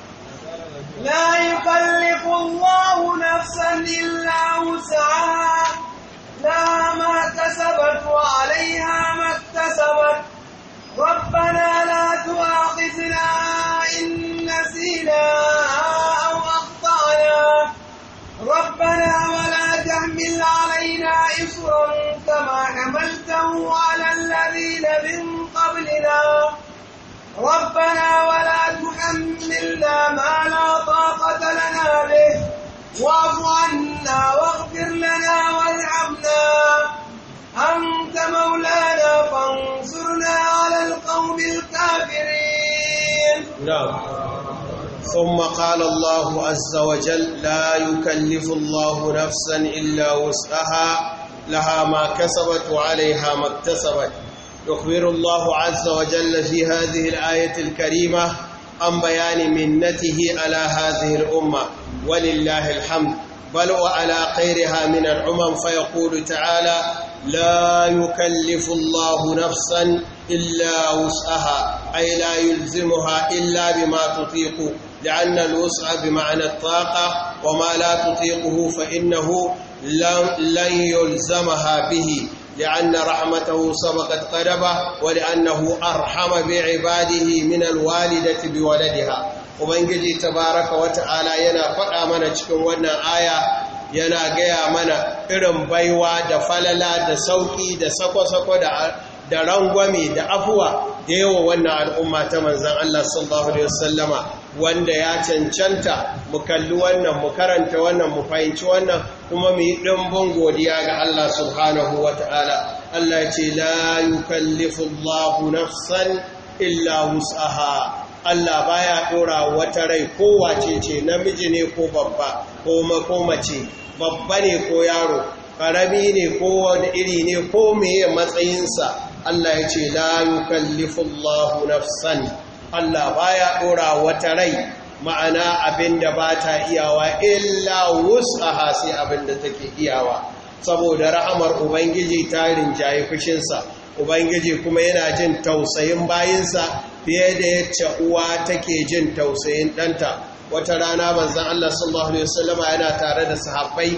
لا يكلف الله نفسا إلا وسعها لها ما كسبت وعليها ما اكتسبت ربنا لا تؤاخذنا إن نسينا أو أخطأنا ربنا ولا تحمل علينا إصرا كما حملته على الذين من قبلنا ربنا ولا تحملنا ما لا طاقة لنا به واعف عنا واغفر لنا وارحمنا أنت مولانا فانصرنا على القوم الكافرين نعم ثم قال الله عز وجل لا يكلف الله نفسا إلا وسعها لها ما كسبت وعليها ما اكتسبت يخبر الله عز وجل في هذه الآية الكريمة عن بيان منته على هذه الأمة ولله الحمد بل وعلى غيرها من الأمم فيقول تعالى لا يكلف الله نفسا إلا وسعها أي لا يلزمها إلا بما تطيق لأن الوسع بمعنى الطاقة وما لا تطيقه فإنه لن يلزمها به لأن رحمته سبقت قدبه ولأنه أرحم بعباده من الوالدة بولدها وبنجي تبارك وتعالى ينا فقا منا cikin wannan aya yana gaya mana irin baiwa da falala da sauki da sako-sako da da rangwame da afuwa da yawa wannan al'umma ta manzan Allah sallallahu wanda ya cancanta mu kalli wannan mu karanta wannan mu fahimci wannan kuma mu yi ɗanbon godiya ga Allah subhanahu wa ta'ala Allah ce la kallifin Allahu nafsan illa wus'aha Allah baya ɗora wata rai kowace ce namiji ne ko babba ko makomace babba ne ko yaro ƙarami ne ko wani iri ne ko meye matsayinsa Allah ya ce la kallifin Allahu nafsan Allah baya ɗora wata rai ma'ana abinda ba ta iyawa illa wus'aha sai abinda take iyawa saboda rahamar ubangiji ta rinjaye fushinsa ubangiji kuma yana jin tausayin bayinsa fiye da yacce uwa take jin tausayin ɗanta wata rana manzan Allah sallallahu Alaihi wasallam yana tare da sahabbai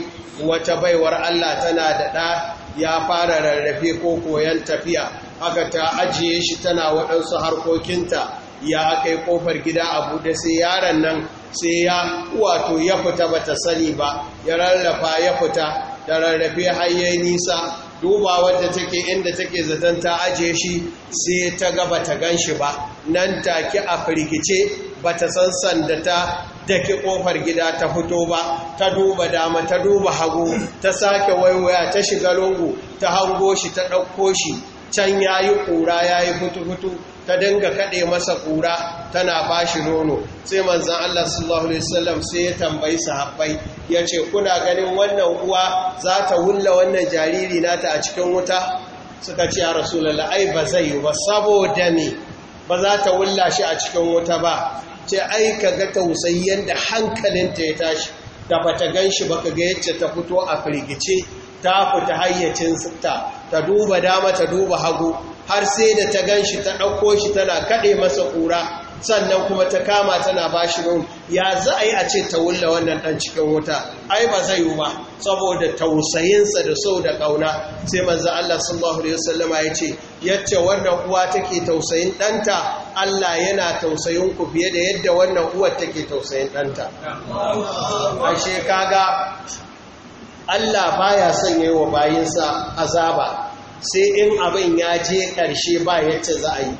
wata baiwar Allah tana da ɗa ya fara rarrafe ko koyon tafiya haka ta ajiye shi tana waɗansu harkokinta ya kai kofar gida a buɗe sai yaron nan sai ya wato ya fita bata sani ba ya rarrafa ya fita da rarrafe hayyai nisa duba wadda take inda take zaton ta ajiye shi sai ta ga bata gan shi ba nan take a firgice bata san sanda ta daki kofar gida ta fito ba ta duba dama ta duba hagu ta sake waiwaya ta shiga lungu ta hango shi ta ɗauko shi can ya yi ƙura ya yi futu-futu ta dinga kaɗe masa ƙura tana ba shi nono sai manzan Allah sallallahu Alaihi wasallam sai ya tambayi sahabbai ya ce kuna ganin wannan uwa za ta wulla wannan jariri nata a cikin wuta suka ce a rasulallah ai ba zai ba saboda ni ba za ta wulla shi a cikin wuta ba ce ai ka ga tausayi yanda hankalinta ya tashi da ba ta gan ba ka ga ta fito a firgice ta fita hayyacin hayyacinta ta duba dama ta duba hagu har sai da ta gan shi ta ɗauko shi tana kaɗe masa ƙura sannan kuma ta kama tana ba shi ya za a yi a ce ta wulla wannan ɗan cikin wuta ai ba zai yi ba saboda tausayinsa da sau da ƙauna sai manzan Allah sallallahu Alaihi wasallama ya ce yadda wannan uwa take tausayin ɗanta Allah yana tausayin ku fiye da yadda wannan uwar take tausayin ɗanta ashe kaga Allah baya son yi wa bayinsa azaba sai in abin ya je ƙarshe ba yadda za a yi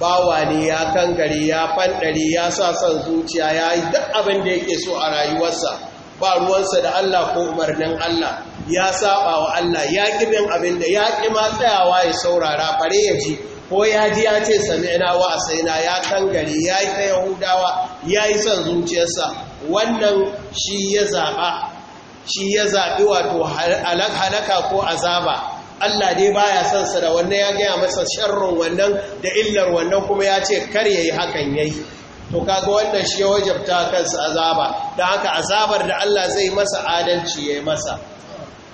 bawa ne ya kangare ya fanɗari ya sa son zuciya ya yi duk abin da yake so a rayuwarsa ba ruwansa da Allah ko umarnin Allah ya saba wa Allah ya ƙi abin da ya ƙi ma tsayawa ya saurara fare ya ji ko ya ji ya ce ina wa asaina ya kangare ya yi ta yahudawa ya yi son zuciyarsa wannan shi ya zaɓa shi ya zaɓi wato halaka ko azaba Allah dai baya son sa da wannan ya gaya masa sharrun wannan da illar wannan kuma ya ce kar yayi hakan yayi to kaga wannan shi ya wajabta kansa azaba da haka azabar da Allah zai masa adalci yayi masa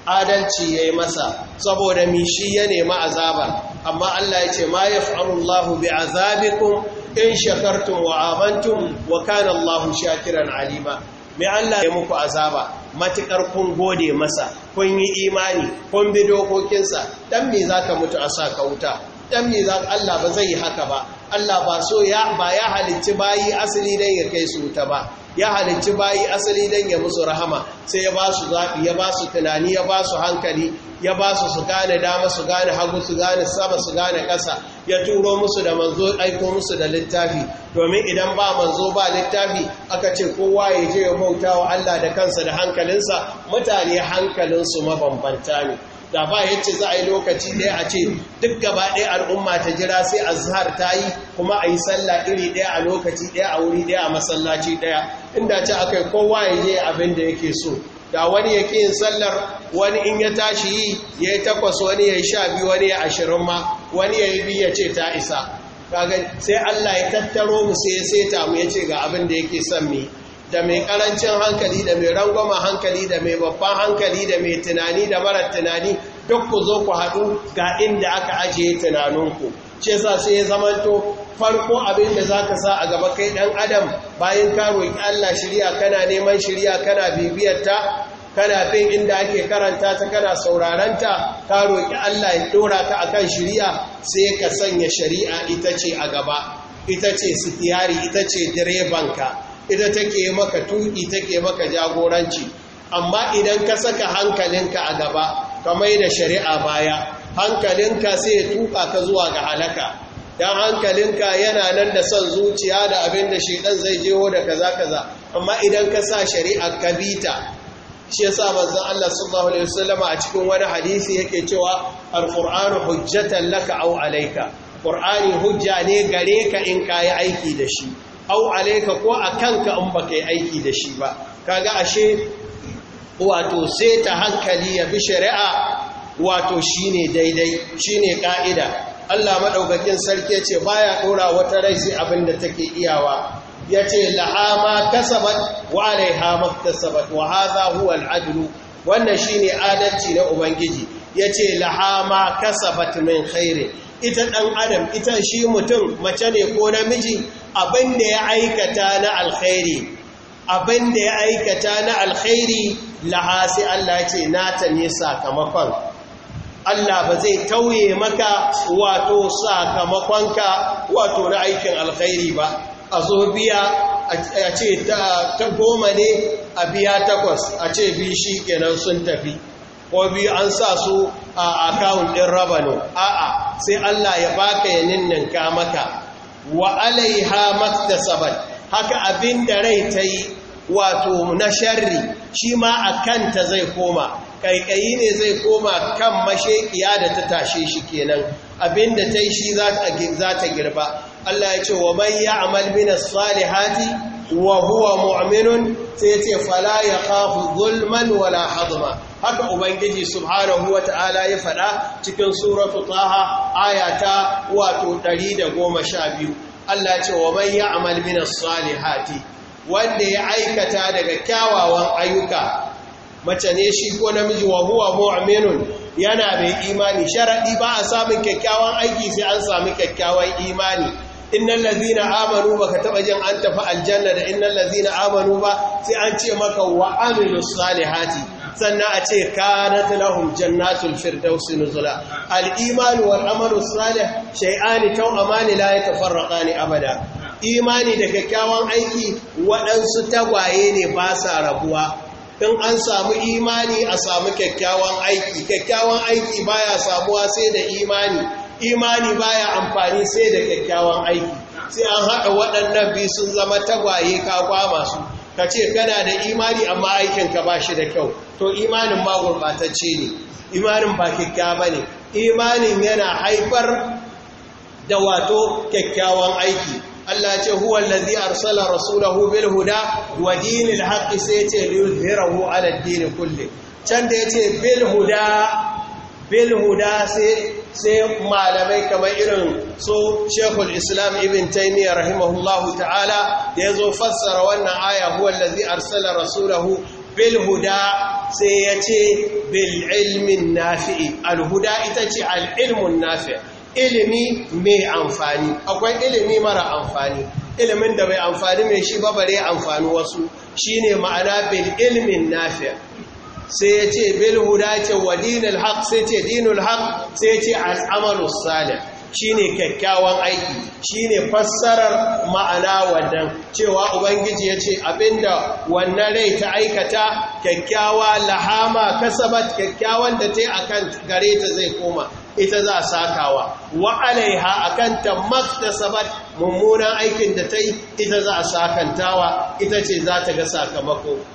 adalci yayi masa saboda mi shi ya nemi azabar amma Allah ya ce ma yaf'alullahu bi'azabikum in shakartum wa amantum wa kana shakiran alima me Allah ya muku azaba matuƙar kun gode masa kun yi imani kun bi dokokinsa dan me ka mutu a sa ka wuta dan me za Allah ba zai yi haka ba Allah ba so ya ba ya halicci bayi asali dan ya kai su wuta ba ya halicci bayi asali dan ya musu rahama sai ya ba su zafi ya ba su tunani ya ba su hankali ya ba su su gane dama su gane hagu su gane sama su gane ƙasa ya turo musu da manzo aiko musu da littafi domin idan ba manzo ba littafi aka ce kowa ya je ya bauta wa Allah da kansa da hankalinsa mutane hankalinsu mabambanta ne da ba ya ce za a yi lokaci ɗaya a ce duk gaba ɗaya al'umma ta jira sai azhar ta yi kuma a yi sallah iri ɗaya a lokaci ɗaya a wuri ɗaya a masallaci ɗaya inda ce akai kowa ya je abin da yake so da wani ya ƙi yin sallar wani in ya tashi yi ya yi takwas wani ya yi sha biyu wani ya ashirin ma wani ya yi bi ya ce ta isa kaga sai Allah ya tattaro mu sai ya seta mu ya ce ga abin da yake son mi da mai karancin hankali da mai rangwama hankali da mai babban hankali da mai tunani da mara tunani duk ku zo ku haɗu ga inda aka ajiye tunaninku ce sa sai ya zamanto farko abin da za ka sa a gaba kai ɗan adam bayan ka roƙi Allah shirya kana neman shirya kana bibiyarta kana bin inda ake karanta ta kana sauraranta ka roƙi Allah ya dora ka akan shari'a sai ka sanya shari'a ita ce a gaba ita ce sitiyari ita ce direbanka ita take maka tuki take maka jagoranci amma idan ka saka hankalinka a gaba ka mai da shari'a baya hankalinka sai ya tuka ka zuwa ga halaka dan hankalinka yana nan da son zuciya da abin da shedan zai jeho da kaza kaza amma idan ka sa shari'a ka bita shi sa manzan Allah sallallahu alaihi wasallam a cikin wani hadisi yake cewa alqur'anu hujjatan laka au alaika. ƙur'ani hujja ne gare ka in yi aiki da shi Au alaika ko a ka in baka yi aiki da shi ba kaga ashe wato sai ta hankali ya bi shari'a wato shine daidai shine ƙa'ida. Allah maɗaukakin sarki ce baya ɗora wata rai abin da take iyawa yace laha ma kasabat wa alaiha maktasabat wa hadha huwa al wannan shine adalci na ubangiji yace lahama kasabat min khairi ita ɗan adam ita shi mutum mace ne ko namiji abinda ya aikata na alkhairi abinda ya aikata na alkhairi laha sai Allah ce nata ne sakamakon Allah ba zai tauye maka wato sakamakonka wato na aikin alkhairi ba a zo biya a ce ta goma ne a biya takwas a ce bi shi kenan sun tafi ko biyu an sa su a akawun ɗin rabano a'a sai Allah ya baka ya ninninka maka wa alaiha maktasabat haka abin da rai ta yi wato na sharri shi ma a kanta zai koma ƙaiƙayi ne zai koma kan mashekiya da ta tashe shi kenan Abin da ta yi shi za ta girba Allah ya ce wa man ya'mal min as-salihati wa huwa mu'minun sai ya ce fala yakhafu zulman wala hadma haka ubangiji subhanahu wa ta'ala ya faɗa cikin suratu taha ayata wato 112 Allah ya ce wa man ya'mal min as-salihati wanda ya aikata daga kyawawan ayyuka mace ne shi ko namiji wa huwa mu'minun yana mai imani sharaɗi ba a samun kyakkyawan aiki sai an samu kyakkyawan imani innan ladhina amanu baka taba jin an tafi aljanna da innan lazina amanu ba sai an ce maka wa aminu salihati sannan a ce kanat lahum jannatul firdaus nuzula al iman wal amalu salih shay'ani taw amani la yatafarraqani abada imani da kyakkyawan aiki waɗansu tagwaye ne ba sa rabuwa in an samu imani a samu kyakkyawan aiki kyakkyawan aiki baya samuwa sai da imani imani baya amfani sai da kyakkyawan aiki sai an haɗa waɗannan biyu sun zama tagwaye kakwa masu ka ce kana da imani amma aikinka ba shi da kyau to imanin ba gurɓatacce ne imanin ba kyakkyawa ne imanin yana haifar da wato kyakkyawan aiki Allah ce huwa allazi arsala rasulahu bil huda wa dinil haqqi sai ce liyuzhirahu ala ad-din kulli can da yace bil huda bilhuda sai malamai kamar irin su shekul islam ibn taimiyya rahimahullahu ta'ala da ya zo fassara wannan aya huwa lazi arsala rasulahu bilhuda sai ya ce bil'ilmin nafi'i alhuda ita ce al'ilmun nafi'i ilimi mai amfani akwai ilimi mara amfani ilimin da bai amfani mai shi babare amfani wasu shine ma'ana bil ilmin nafi'i sai ya ce bil huda ce wa dinul haq sai ce dinul haq sai ce al'amalu salih shine kyakkyawan aiki shine fassarar ma'ana wannan cewa ubangiji ya ce abinda wannan rai ta aikata kyakkyawa lahama kasabat kyakkyawan da ta akan gare ta zai koma ita za sakawa wa alaiha ta maktasabat mummunan aikin da ta ita za sakantawa ita ce za ta ga sakamako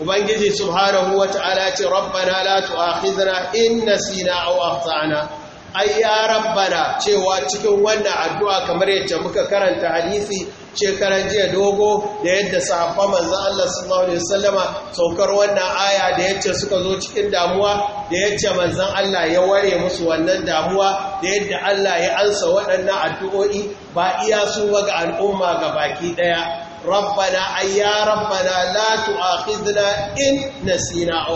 ubangiji subhanahu wata'ala ce rabbana la tu'akhidna in nasina aw akhtana ai ya rabbana cewa cikin wannan addu'a kamar yadda muka karanta hadisi shekaran jiya dogo da yadda sahabban manzon Allah sallallahu alaihi wasallama saukar wannan aya da yadda suka zo cikin damuwa da yadda manzon Allah ya ware musu wannan damuwa da yadda Allah ya ansa waɗannan addu'o'i ba iya su ga al'umma ga baki ɗaya ربنا أي يا ربنا لا تؤاخذنا إن نسينا أو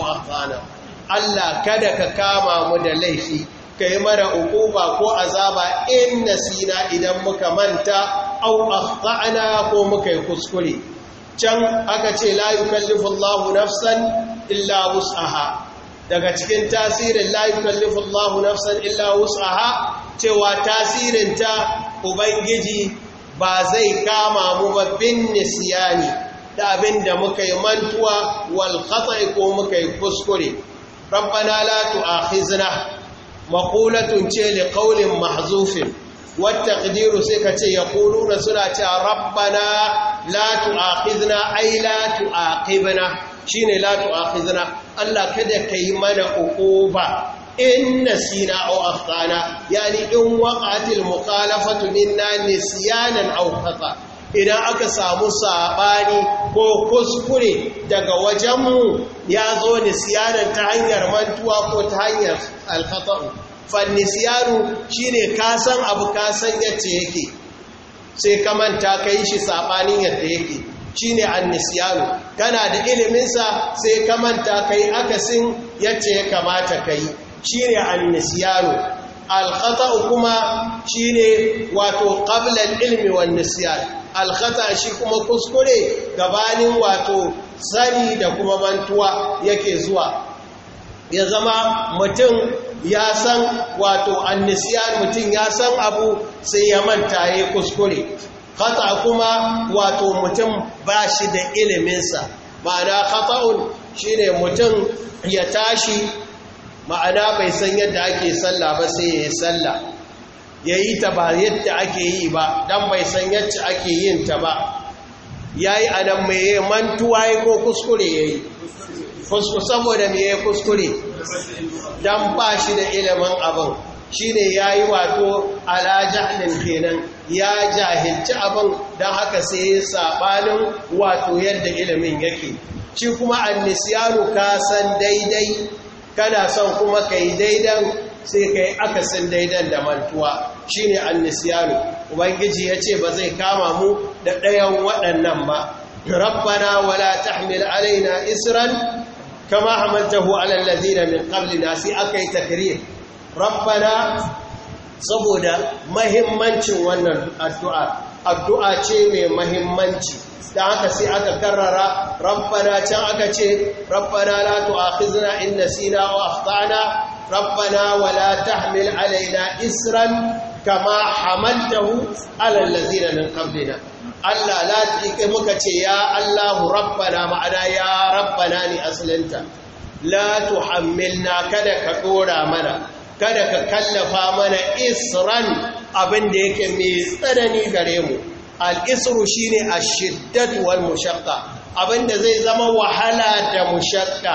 Allah kada ka kama mu da laifi kai mara ukuba ko azaba in nasina idan muka manta au akhtana ko muka yi kuskure can aka ce la yukallifu Allahu nafsan illa wus'aha daga cikin tasirin la yukallifu Allahu nafsan illa wus'aha cewa tasirin ta ubangiji ba zai kama mu ba bin nisiyani da abin da muka yi mantuwa wal khata'i ko muka yi kuskure rabbana la tu'akhizna maqulatun ce li qawlin mahzufin Wata taqdiru sai ka ce yaquluna suna ce rabbana la tu'akhizna ay la tu'aqibna shine la tu'akhizna Allah kada yi mana uquba in nasina aw akhtana yani in waqatil mukhalafatu minna nisyanan aw khata idan aka samu sabani ko kuskure daga wajenmu ya zo nisyanan ta hanyar mantuwa ko ta hanyar alkhata'u fa nisyanu shine ka san abu ka san yace yake sai ka manta kai shi sabanin yadda yake shine annisiyanu kana da iliminsa sai ka manta kai akasin yace ya kamata kai shine an-nisyanu kuma kuma shine wato qabla ilmi wan-nisyan alkhata shi kuma kuskure gabanin wato sani da kuma mantuwa yake zuwa ya zama mutum ya san wato annisiyar mutum ya san abu sai ya manta ya kuskure khata kuma wato mutum ba shi da iliminsa ma'ana khata'un shi ne mutum ya tashi ma'ana bai san yadda ake sallah ba sai ya yi sallah ya yi ta ba yadda ake yi ba don bai san yadda ake yin ta ba ya yi adam mai mantuwa ya ko kuskure ya yi saboda mai ya kuskure don ba shi da ilimin abin shi ne ya yi wato alajahlin kenan ya jahilci abin don haka sai ya saɓanin wato yadda ilimin yake shi kuma annisiyanu ka san daidai kana son kuma ka yi daidan sai ka yi akasin daidan da mantuwa shi ne annisiyanu ubangiji ya ce ba zai kama mu da ɗayan waɗannan ba rabbana wala tahmil alaina isran kama hamaltahu alallazi da min na sai aka yi takrir rabbana saboda mahimmancin wannan addu'a addu'a ce mai mahimmanci da haka sai aka karrara rabbana can aka ce rabbana la tu'akhizna in nasina wa akhtana rabbana wa la tahmil alaina isran kama hamaltahu ala allazina min qablina Allah la tike muka ce ya Allahu rabbana ma'ana ya rabbana ni aslinta la tuhammilna kada ka dora mana kada ka kallafa mana isran abin da yake mai tsanani gare mu al'isru shi ne a shiddatuwar mushakka abin da zai zama wahala da mushakka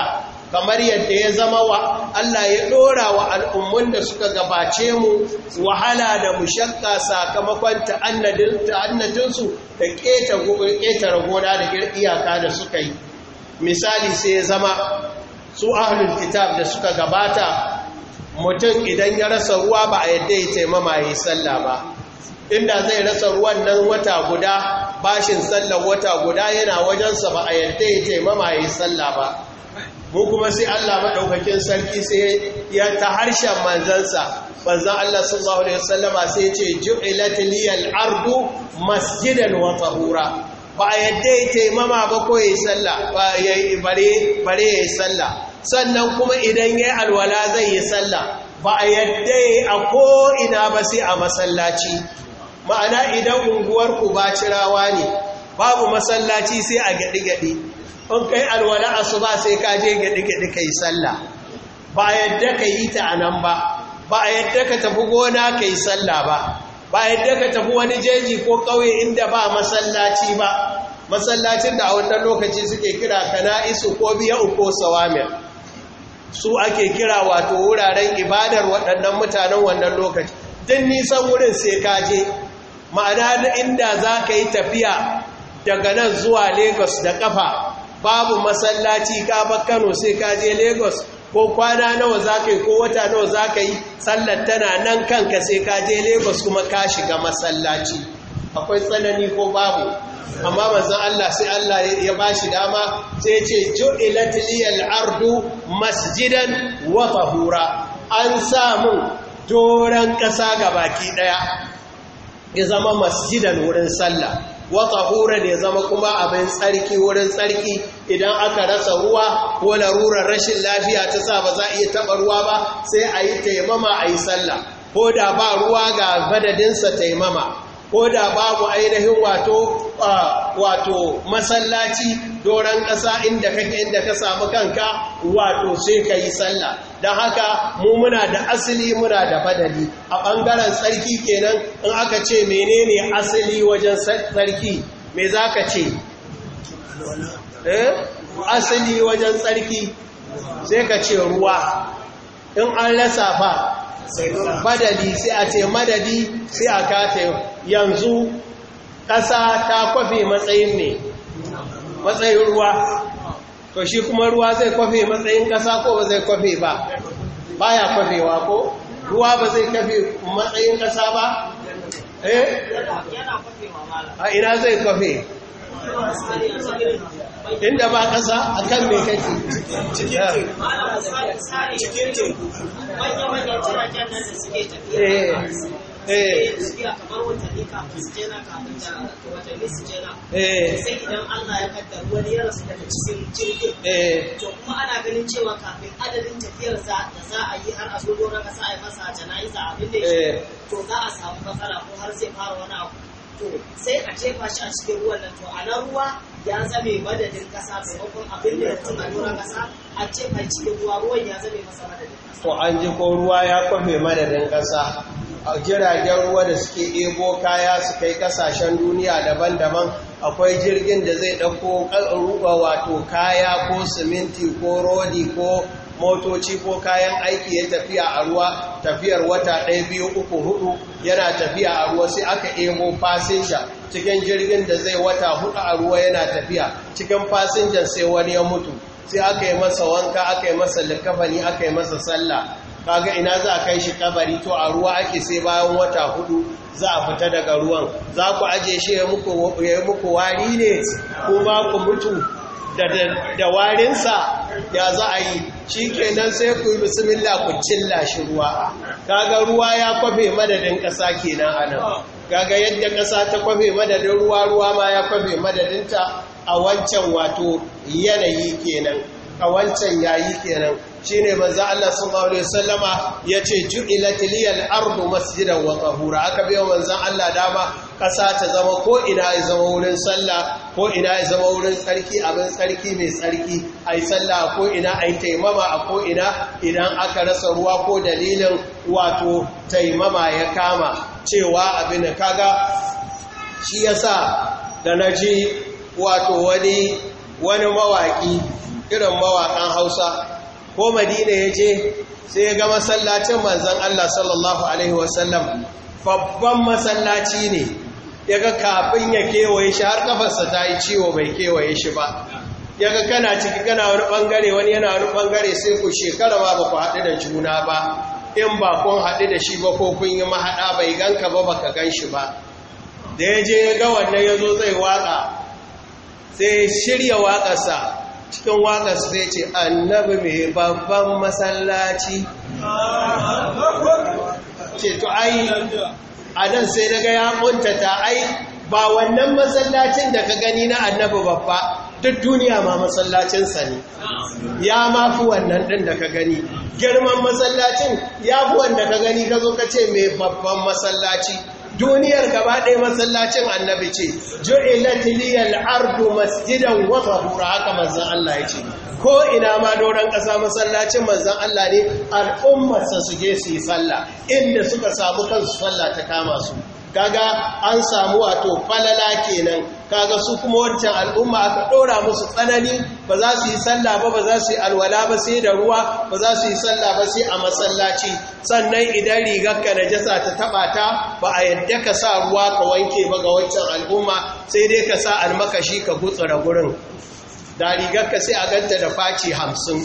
kamar yadda ya zama wa Allah ya ɗora wa al'ummun da suka gabace mu wahala da mushakka sakamakon ta’annadinsu da ƙetare gona da iyaka da suka yi misali sai ya zama su ahlul kitab da suka gabata mutum idan ya rasa ruwa ba a yadda ya taimama ya yi sallah ba inda zai rasa ruwan nan wata guda bashin sallar wata guda yana wajensa ba a yadda ya taimama ya yi sallah ba mu kuma sai Allah maɗaukakin sarki sai ya ta harshen manzansa manzan Allah sallallahu alaihi wasallam sai ya ce ju'ilat liyal ardu masjidan wa tahura ba a yadda ya taimama ba ko ya yi sallah ba ya bare bare ya yi sallah sannan kuma idan ya alwala zai yi sallah ba a yadda ya a ko'ina ba sai a masallaci ma'ana idan unguwar ku ba cirawa ne babu masallaci sai a gaɗi-gaɗi in kai alwala a su ba sai kaje je gaɗi-gaɗi ka yi sallah ba a yadda ka yi ta a nan ba ba a yadda ka tafi gona ka yi sallah ba ba a yadda ka tafi wani jeji ko ƙauye inda ba masallaci ba masallacin da a wannan lokaci suke kira kana isu ko biya uko sawamir su ake kira wato wuraren ibadar waɗannan mutanen wannan lokaci don nisan wurin sai kaje ma'ana inda za ka yi tafiya daga nan zuwa lagos da ƙafa babu masallaci ka kano sai kaje lagos ko kwana nawa za ka yi ko wata nawa za ka yi sallar tana nan kanka sai kaje lagos kuma ka shiga masallaci akwai tsanani ko babu amma manzan Allah sai Allah ya ba shi dama sai ce ju'ilat liyal ardu masjidan wa tahura an samu doran ƙasa baki daya ya zama masjidan wurin sallah wa hura da ya zama kuma abin tsarki wurin tsarki idan aka rasa ruwa ko larurar rashin lafiya ta sa ba za a iya taɓa ruwa ba sai a yi taimama a yi sallah ko da ba ruwa ga madadinsa taimama ko da babu ainihin wato wato masallaci doron ƙasa inda kake inda ka samu kanka wato sai ka yi sallah don haka mu muna da asali muna da badali a ɓangaren tsarki kenan in aka ce menene asali wajen tsarki me za ka ce eh? asali wajen tsarki sai ka ce ruwa in an rasa ba. Madadi sai a ce madadi sai a kata yanzu ƙasa ta kwafe matsayin ne matsayin ruwa to shi kuma ruwa zai kwafe matsayin ƙasa ko ba zai kwafe ba Ba ya kwafewa ko ruwa ba zai kwafe matsayin ƙasa ba eh a ina zai kwafe inda ba ƙasa a kan mai kake cikin suke tafiya suke sai idan allah ya kaddar wani ya rasu daga cikin jirgin to kuma ana ganin cewa kafin adadin tafiyar da za yi har a zo doron yi masa jana'iza abin to za a samu matsala ko har sai fara wani abu to sai a jefa shi a cikin ruwan nan to a nan ruwa ya zame madadin kasa maimakon abin da ya tuna nuna kasa a jefa cikin ruwa ruwan ya zame masa madadin kasa to an ji ko ruwa ya kwafe madadin kasa a jiragen ruwa da suke ebo kaya su kai kasashen duniya daban-daban akwai jirgin da zai ɗauko ruwa wato kaya ko siminti ko rodi ko motoci ko kayan aiki ya tafiya a ruwa tafiyar wata ɗaya biyu uku hudu yana tafiya a ruwa sai aka emo fasinja cikin jirgin da zai wata hudu a ruwa yana tafiya cikin fasinjan sai wani ya mutu sai aka yi masa wanka aka yi masa likafani aka yi masa sallah kaga ina za a kai shi kabari to a ruwa ake sai bayan wata hudu za a fita daga ruwan za ku aje shi ya yi muku wari ne ko ba ku mutu da warinsa ya za a yi shi kenan sai ku yi bismillah ku cillashi ruwa kaga ruwa ya kwafe madadin ƙasa kenan a nan kaga yadda ƙasa ta kwafe madadin ruwa ruwa ma ya kwafe madadinta a wancan wato yanayi kenan a wancan yayi kenan shine manzo Allah sallallahu alaihi wasallama yace ju'ilat liyal ardu masjidan wa tahura aka biyo manzan Allah dama ƙasa ta zama ko ina ya zama wurin sallah ko ina ya zama wurin tsarki abin tsarki mai tsarki a yi sallah ko ina a yi taimama a ko ina idan aka rasa ruwa ko dalilin wato taimama ya kama cewa abin da kaga shi ya sa da na ji wato wani mawaƙi irin mawaƙan hausa ko madina ya je sai ya ga masallacin manzan Allah sallallahu Alaihi wasallam babban masallaci ne ya ga kafin ya kewaye shi har kafarsa ta yi ciwo bai kewaye shi ba ya ga kana ciki kana wani bangare wani yana wani bangare sai ku shekara ba ba ku haɗu da juna ba in ba kun haɗu da shi ba ko kun yi mahaɗa bai ganka ba baka gan shi ba da ya je ya ga wannan ya zo zai waƙa sai shirya waƙarsa cikin waƙarsa zai ce annabi mai babban masallaci ce to ai a nan sai na ga ya ta ai ba wannan masallacin da ka gani na annabi babba duk duniya ma masallacinsa ne ya ma fi wannan ɗin da ka gani girman masallacin ya fi wanda ka gani ka zo ka ce mai babban masallaci duniyar gaba ɗaya masallacin annabi ce ju'ilat liyal ardu masjidan wa tahura haka manzon Allah ya ce ko ina ma doron ƙasa masallacin manzon Allah ne al'ummarsa su je su yi sallah inda suka samu kansu sallah ta kama su kaga an samu wato falala kenan kaga su kuma wancan al'umma aka ɗora musu tsanani ba za su yi sallah ba ba za su yi alwala ba sai da ruwa ba za su yi sallah ba sai a masallaci sannan idan rigarka jasa ta taba ta ba a yadda ka sa ruwa ka wanke ba ga wancan al'umma sai dai ka sa almakashi ka gutsura gurin da rigarka sai a ganta da faci hamsin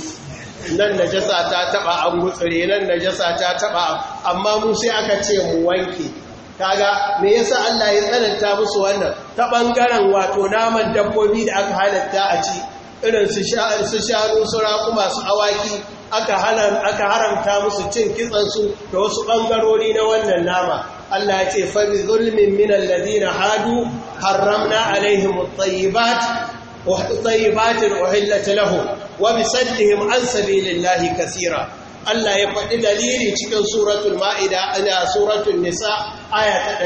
nan na jasa ta taba an gutsure nan na jasa ta taba amma mu sai aka ce mu wanke kaga me yasa Allah ya tsananta musu wannan ta bangaren wato naman dabbobi da aka halatta a ci irin su su shanu su raƙuma su awaki aka aka haramta musu cin kitsan su da wasu bangarori na wannan nama Allah ya ce fa bi zulmin min alladhina hadu harramna alaihim at-tayyibat وطيبات أحلت لهم وبصدهم عن سبيل الله كثيرا Allah ya faɗi dalili cikin suratul ma'ida ana suratul nisa aya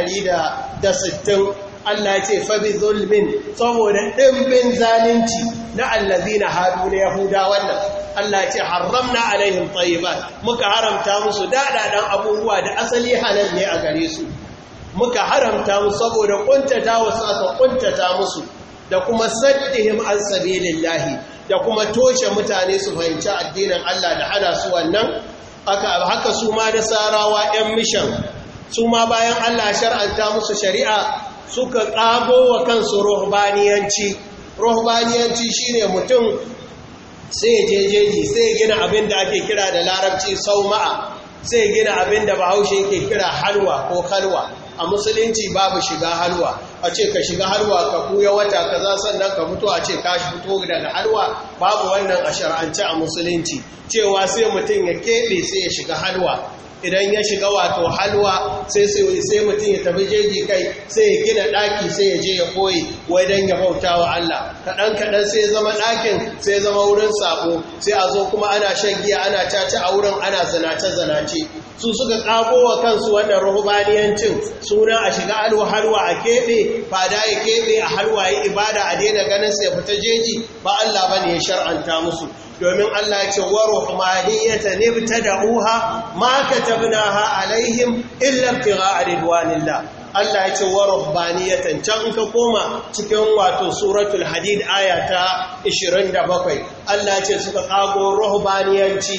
ta sittin. Allah ya ce fa zulmin saboda ɗimbin zalunci na allazina hadu na yahuda wannan Allah ya ce haramna alaihim tayyibat muka haramta musu dadadan abubuwa da asali halal ne a gare su muka haramta musu saboda ƙuntata wasu aka ƙuntata musu da kuma saddihim an sabilillahi da kuma toshe mutane su fahimci addinin Allah da hada su wannan haka su ma da sarawa 'yan mishan su ma bayan Allah shar'anta musu shari'a suka ƙago wa kansu ruhbaniyanci ruhbaniyanci shine mutum sai ya jejeji sai gina abin da ake kira da larabci sauma'a sai ya gina abin da bahaushe yake kira halwa ko kalwa a musulunci babu shiga halwa a ce ka shiga halwa ka kuya wata ka kaza sannan ka mutu?" a ce ka fito daga halwa babu wannan a shar'ance a musulunci cewa sai mutum ya keɓe sai ya shiga halwa idan ya shiga wato halwa sai sai mutum ya tafi jeji kai sai ya gina ɗaki sai ya je ya koyi wai don ya bauta wa Allah kaɗan kaɗan sai ya zama ɗakin sai zama wurin sabo sai a zo kuma ana shan giya ana caca a wurin ana zanace zanace su suka ƙago wa kansu wannan rahubaniyancin suna a shiga alwa halwa a keɓe da ya keɓe a halwa ya ibada a daina ganin sai fita jeji ba Allah bane ya shar'anta musu domin Allah ce wa ruhmaniyata nibtada'uha ma katabnaha alaihim illa ibtigha'a ridwanillah Allah ya ce wa ruhbaniyatan can ka koma cikin wato suratul hadid aya ta 27 Allah ya ce suka kago ruhbaniyanci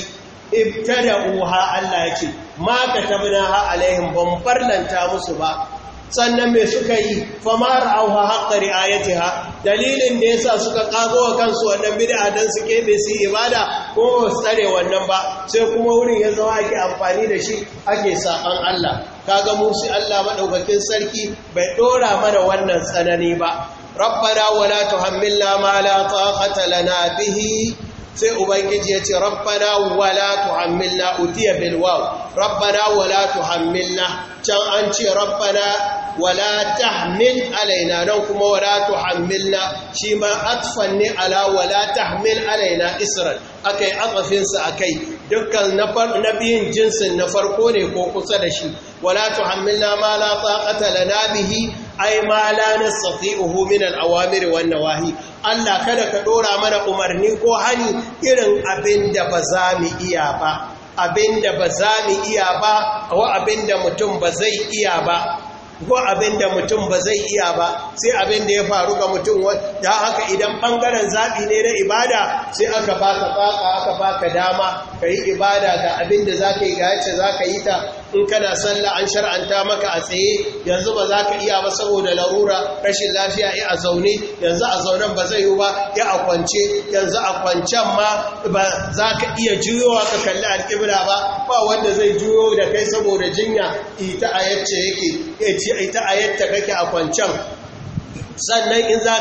ibtada'uha Allah ya ce ma katabnaha alaihim ban farlanta musu ba sannan me suka yi famara auha haƙa ha dalilin da ya sa suka ƙago wa kansu wannan bid'a dan su kebe su ibada ko ba su tsare wannan ba sai kuma wurin ya zama ake amfani da shi ake saɓan Allah Ka ga musu Allah maɗaukakin sarki bai ɗora mana wannan tsanani ba rabbana wala tuhammilna ma la taqata lana bihi sai ubangiji ya ce rabbana wala tuhammilna utiya bil waw rabbana wala tuhammilna can an ce rabbana wala tahmil alaina nan kuma wala tuhammilna shi ma atfan ne ala wala tahmil alaina isran akai atafin sa akai dukkan na biyun jinsin na farko ne ko kusa da shi wala tuhammilna ma la taqata lana bihi ay ma la nastati'uhu min al-awamir wan nawahi Allah kada ka ɗora mana umarni ko hani irin abin da ba za mu iya ba abin da ba za mu iya ba ko abin da mutum ba zai iya ba ko abin da mutum ba zai iya ba sai abin da ya faru ga mutum da haka idan bangaren zaɓi ne na ibada sai aka baka baka aka baka dama ka ibada ga abin da za yi ga yace za yi ta in kana sallah an shar'anta maka a tsaye yanzu ba za ka iya ba saboda larura rashin lafiya ya a zaune yanzu a zaunen ba zai yi ba ya a kwance yanzu a kwancen ma ba za ka iya juyowa ka kalli alƙibla ba ba wanda zai juyo da kai saboda jinya ita a yacce yake ita a kake a kwancen sannan in za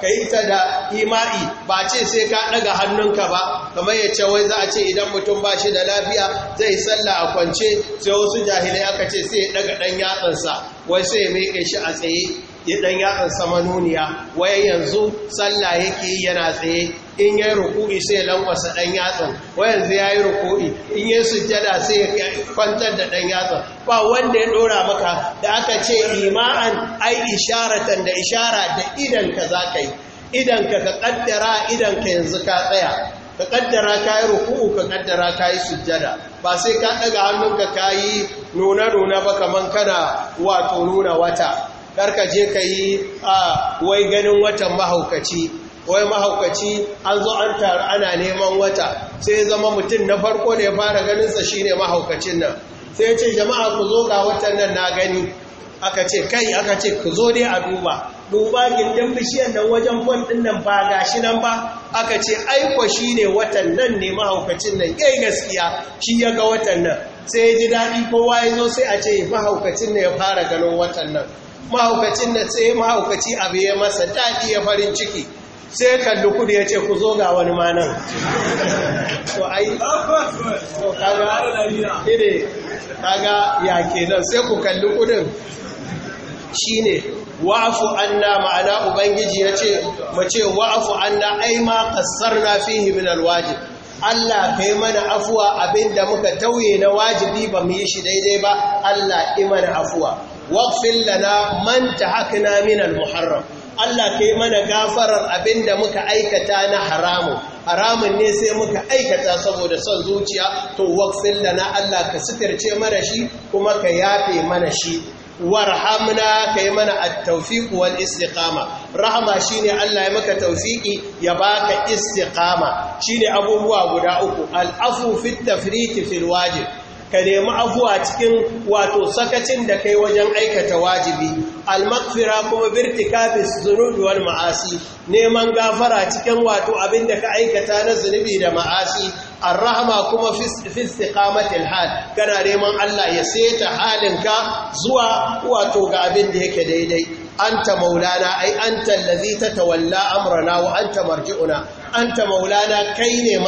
ka yi ta da imai ba ce sai ka ɗaga hannunka ba kamar ya ce wai za a ce idan mutum ba shi da lafiya zai sallah a kwance sai wasu jahilai aka ce sai ya ɗaga ɗan yatsansa wai sai ya miƙe shi a tsaye ya ɗan yatsansa manuniya wai yanzu sallah yake yana tsaye in yi ruku'i sai ya lankwasa dan yatsan wayanzu yi ruku'i in yi sujjada sai ya kwantar da ɗan yatsun. ba wanda ya ɗora maka da aka ce ima'an ai isharatan da ishara da idan ka yi, idanka ka ƙaddara, kaddara idan ka yanzu ka tsaya ka ƙaddara ka yi ruku'u ka kaddara ka yi sujjada ba sai ka ɗaga hannunka ka yi nuna-nuna ba kamar kana wato nuna wata karka je ka yi a wai ganin watan mahaukaci wai mahaukaci an zo an taru ana neman wata sai zama mutum na farko da ya fara ganinsa shi ne mahaukacin nan sai ce jama'a ku zo ga watan nan na gani aka ce kai aka ce ku zo dai a duba duba gindin bishiyar nan wajen fon ɗin nan ba gashi nan ba aka ce aiko shi ne watan nan ne mahaukacin nan yayi eh, gaskiya shi ya ga watan nan sai ya ji daɗi kowa ya zo sai a ce mahaukacin ne ya fara ganin watan nan mahaukacin nan sai mahaukaci abu ya masa daɗi ya farin ciki sai kalli kudu ya ce ku zo ga wani ma nan to ai kaga ire kaga ya nan sai ku kalli kudin ne. Wa'afu anna ma'ana ubangiji ya yace mace wa'afu anna ai ma na fi min alwajib Allah kai mana afuwa abinda muka tauye na wajibi ba mu yi shi daidai ba Allah imana afuwa waqfil manta man na min muharram. Allah ka yi mana gafarar abinda muka aikata na haramun haramun ne sai muka aikata saboda son zuciya to da na Allah ka sifirce mana shi kuma ka yafe mana shi warhamna ka yi mana a tawfiq wal istiqama rahama shine Allah ya maka tawfiki ya baka istiqama shine abubuwa guda uku al-afu fit fil wajib ka nemi afuwa cikin wato sakacin da kai wajen aikata wajibi almakfira kuma birtikafis zunubi wal ma'asi neman gafara cikin wato abin da ka aikata na zunubi da ma'asi arrahama kuma fi istiqamatil hal kana neman Allah ya saita halinka zuwa wato ga abin da yake daidai anta maulana ai anta allazi tatawalla amrana wa anta marji'una anta maulana kai ne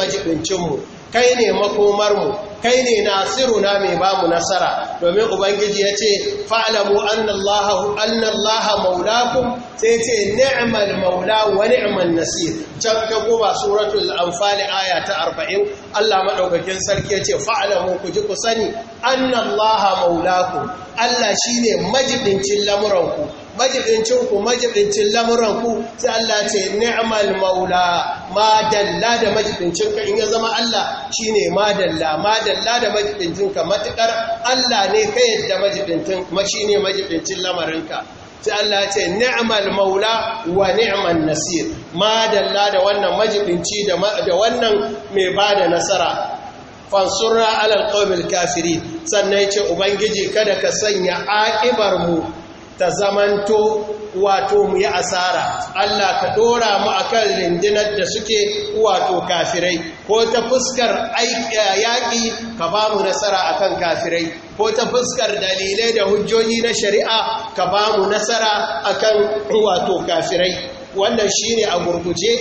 mu kai ne makomarmu kai ne nasiruna mai bamu nasara domin ubangiji ya ce fa'alamu annallaha maulakun. sai ce ni'mal maula wa ni'mal nasir can ka guba suratul amfani aya ta arba'in Allah maɗaukakin sarki ya ce fa'alamu ku ji ku sani annallaha maulakun. Allah shi ne majibincin lamuranku majibincin ku majibincin lamuran ku sai Allah ce ni'mal maula ma dalla da majibincin ka in ya zama Allah shine ma dalla ma dalla da majibincin ka matukar Allah ne kai yadda majibincin kuma shine majibincin lamarin ka sai Allah ce ni'mal maula wa ni'man nasir ma dalla da wannan majibinci da wannan mai bada nasara fansurra alal qawmil kafirin sannan yace ubangiji kada ka sanya aqibar mu ta zamanto wato mu yi asara Allah ka dora mu akan rindinar da suke wato kafirai ko ta fuskar eh, yaƙi ka ba mu nasara akan kafirai ko ta fuskar dalilai da hujjoji na shari'a ka ba mu nasara akan wato kafirai wannan shine a gurguje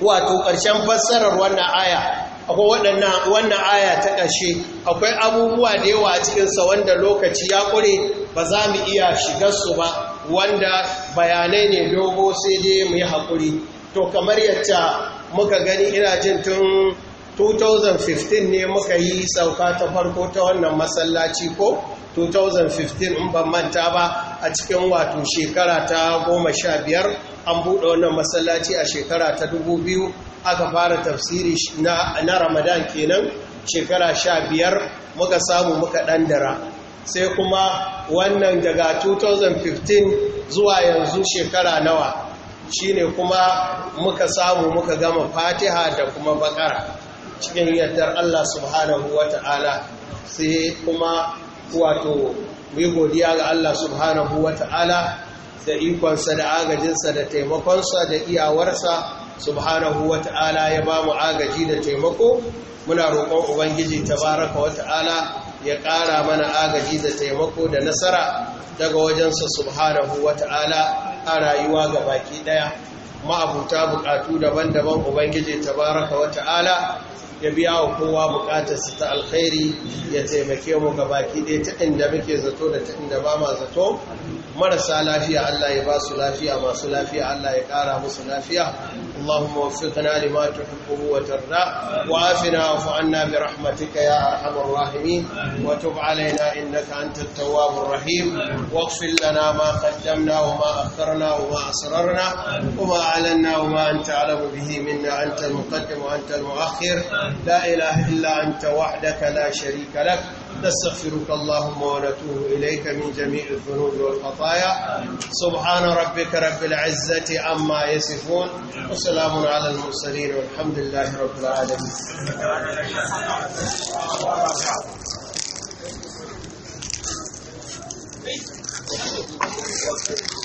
wato ƙarshen fassarar wannan aya akwai waɗannan wannan aya ta ƙashe akwai abubuwa da yawa a cikinsa wanda lokaci ya ƙure ba za mu iya shigarsu ba wanda bayanai ne dogo sai dai mu yi haƙuri to kamar yadda muka gani ina jin tun 2015 ne muka yi sauka ta farko ta wannan masallaci ko 2015 in ban manta ba a cikin wato shekara ta 15 an buɗe wannan masallaci a shekara ta 2000 aka fara tafsiri na ramadan kenan shekara sha biyar muka samu muka ɗandara sai kuma wannan daga 2015 zuwa yanzu shekara nawa shine kuma muka samu muka gama fatiha da kuma bakara cikin yadda Allah subhanahu wa ta'ala sai kuma wato mai godiya ga Allah subhanahu wa ta'ala da ikonsa da agajinsa da taimakonsa da iyawarsa subhanahu wa ta'ala ya ba mu agaji da taimako muna roƙon ubangiji tabaraka wa ta'ala ya ƙara mana agaji da taimako da nasara daga wajensa subhanahu wa ta'ala a rayuwa ga baki ɗaya ma'abuta buƙatu daban-daban ubangiji tabaraka wa ta'ala ya biya wa kowa su ta alkhairi ya taimake mu ga baki ɗaya ta inda muke zato da ta inda ba ma zato marasa lafiya Allah ya ba su lafiya masu lafiya Allah ya ƙara musu lafiya Allahumma waffiqna lima tuhibbu wa tarda wa afina wa'fu anna bi rahmatika ya arhamar rahimin wa tub alaina innaka antat tawwabur rahim waghfir lana ma qaddamna wa ma akharna wa ma asrarna wa ma alanna wa ma anta alamu bihi minna anta al-muqaddim wa anta al-muakhir la ilaha illa anta wahdaka la sharika lak نستغفرك اللهم ونتوب إليك من جميع الذنوب والخطايا سبحان ربك رب العزة عما يصفون وسلام على المرسلين والحمد لله رب العالمين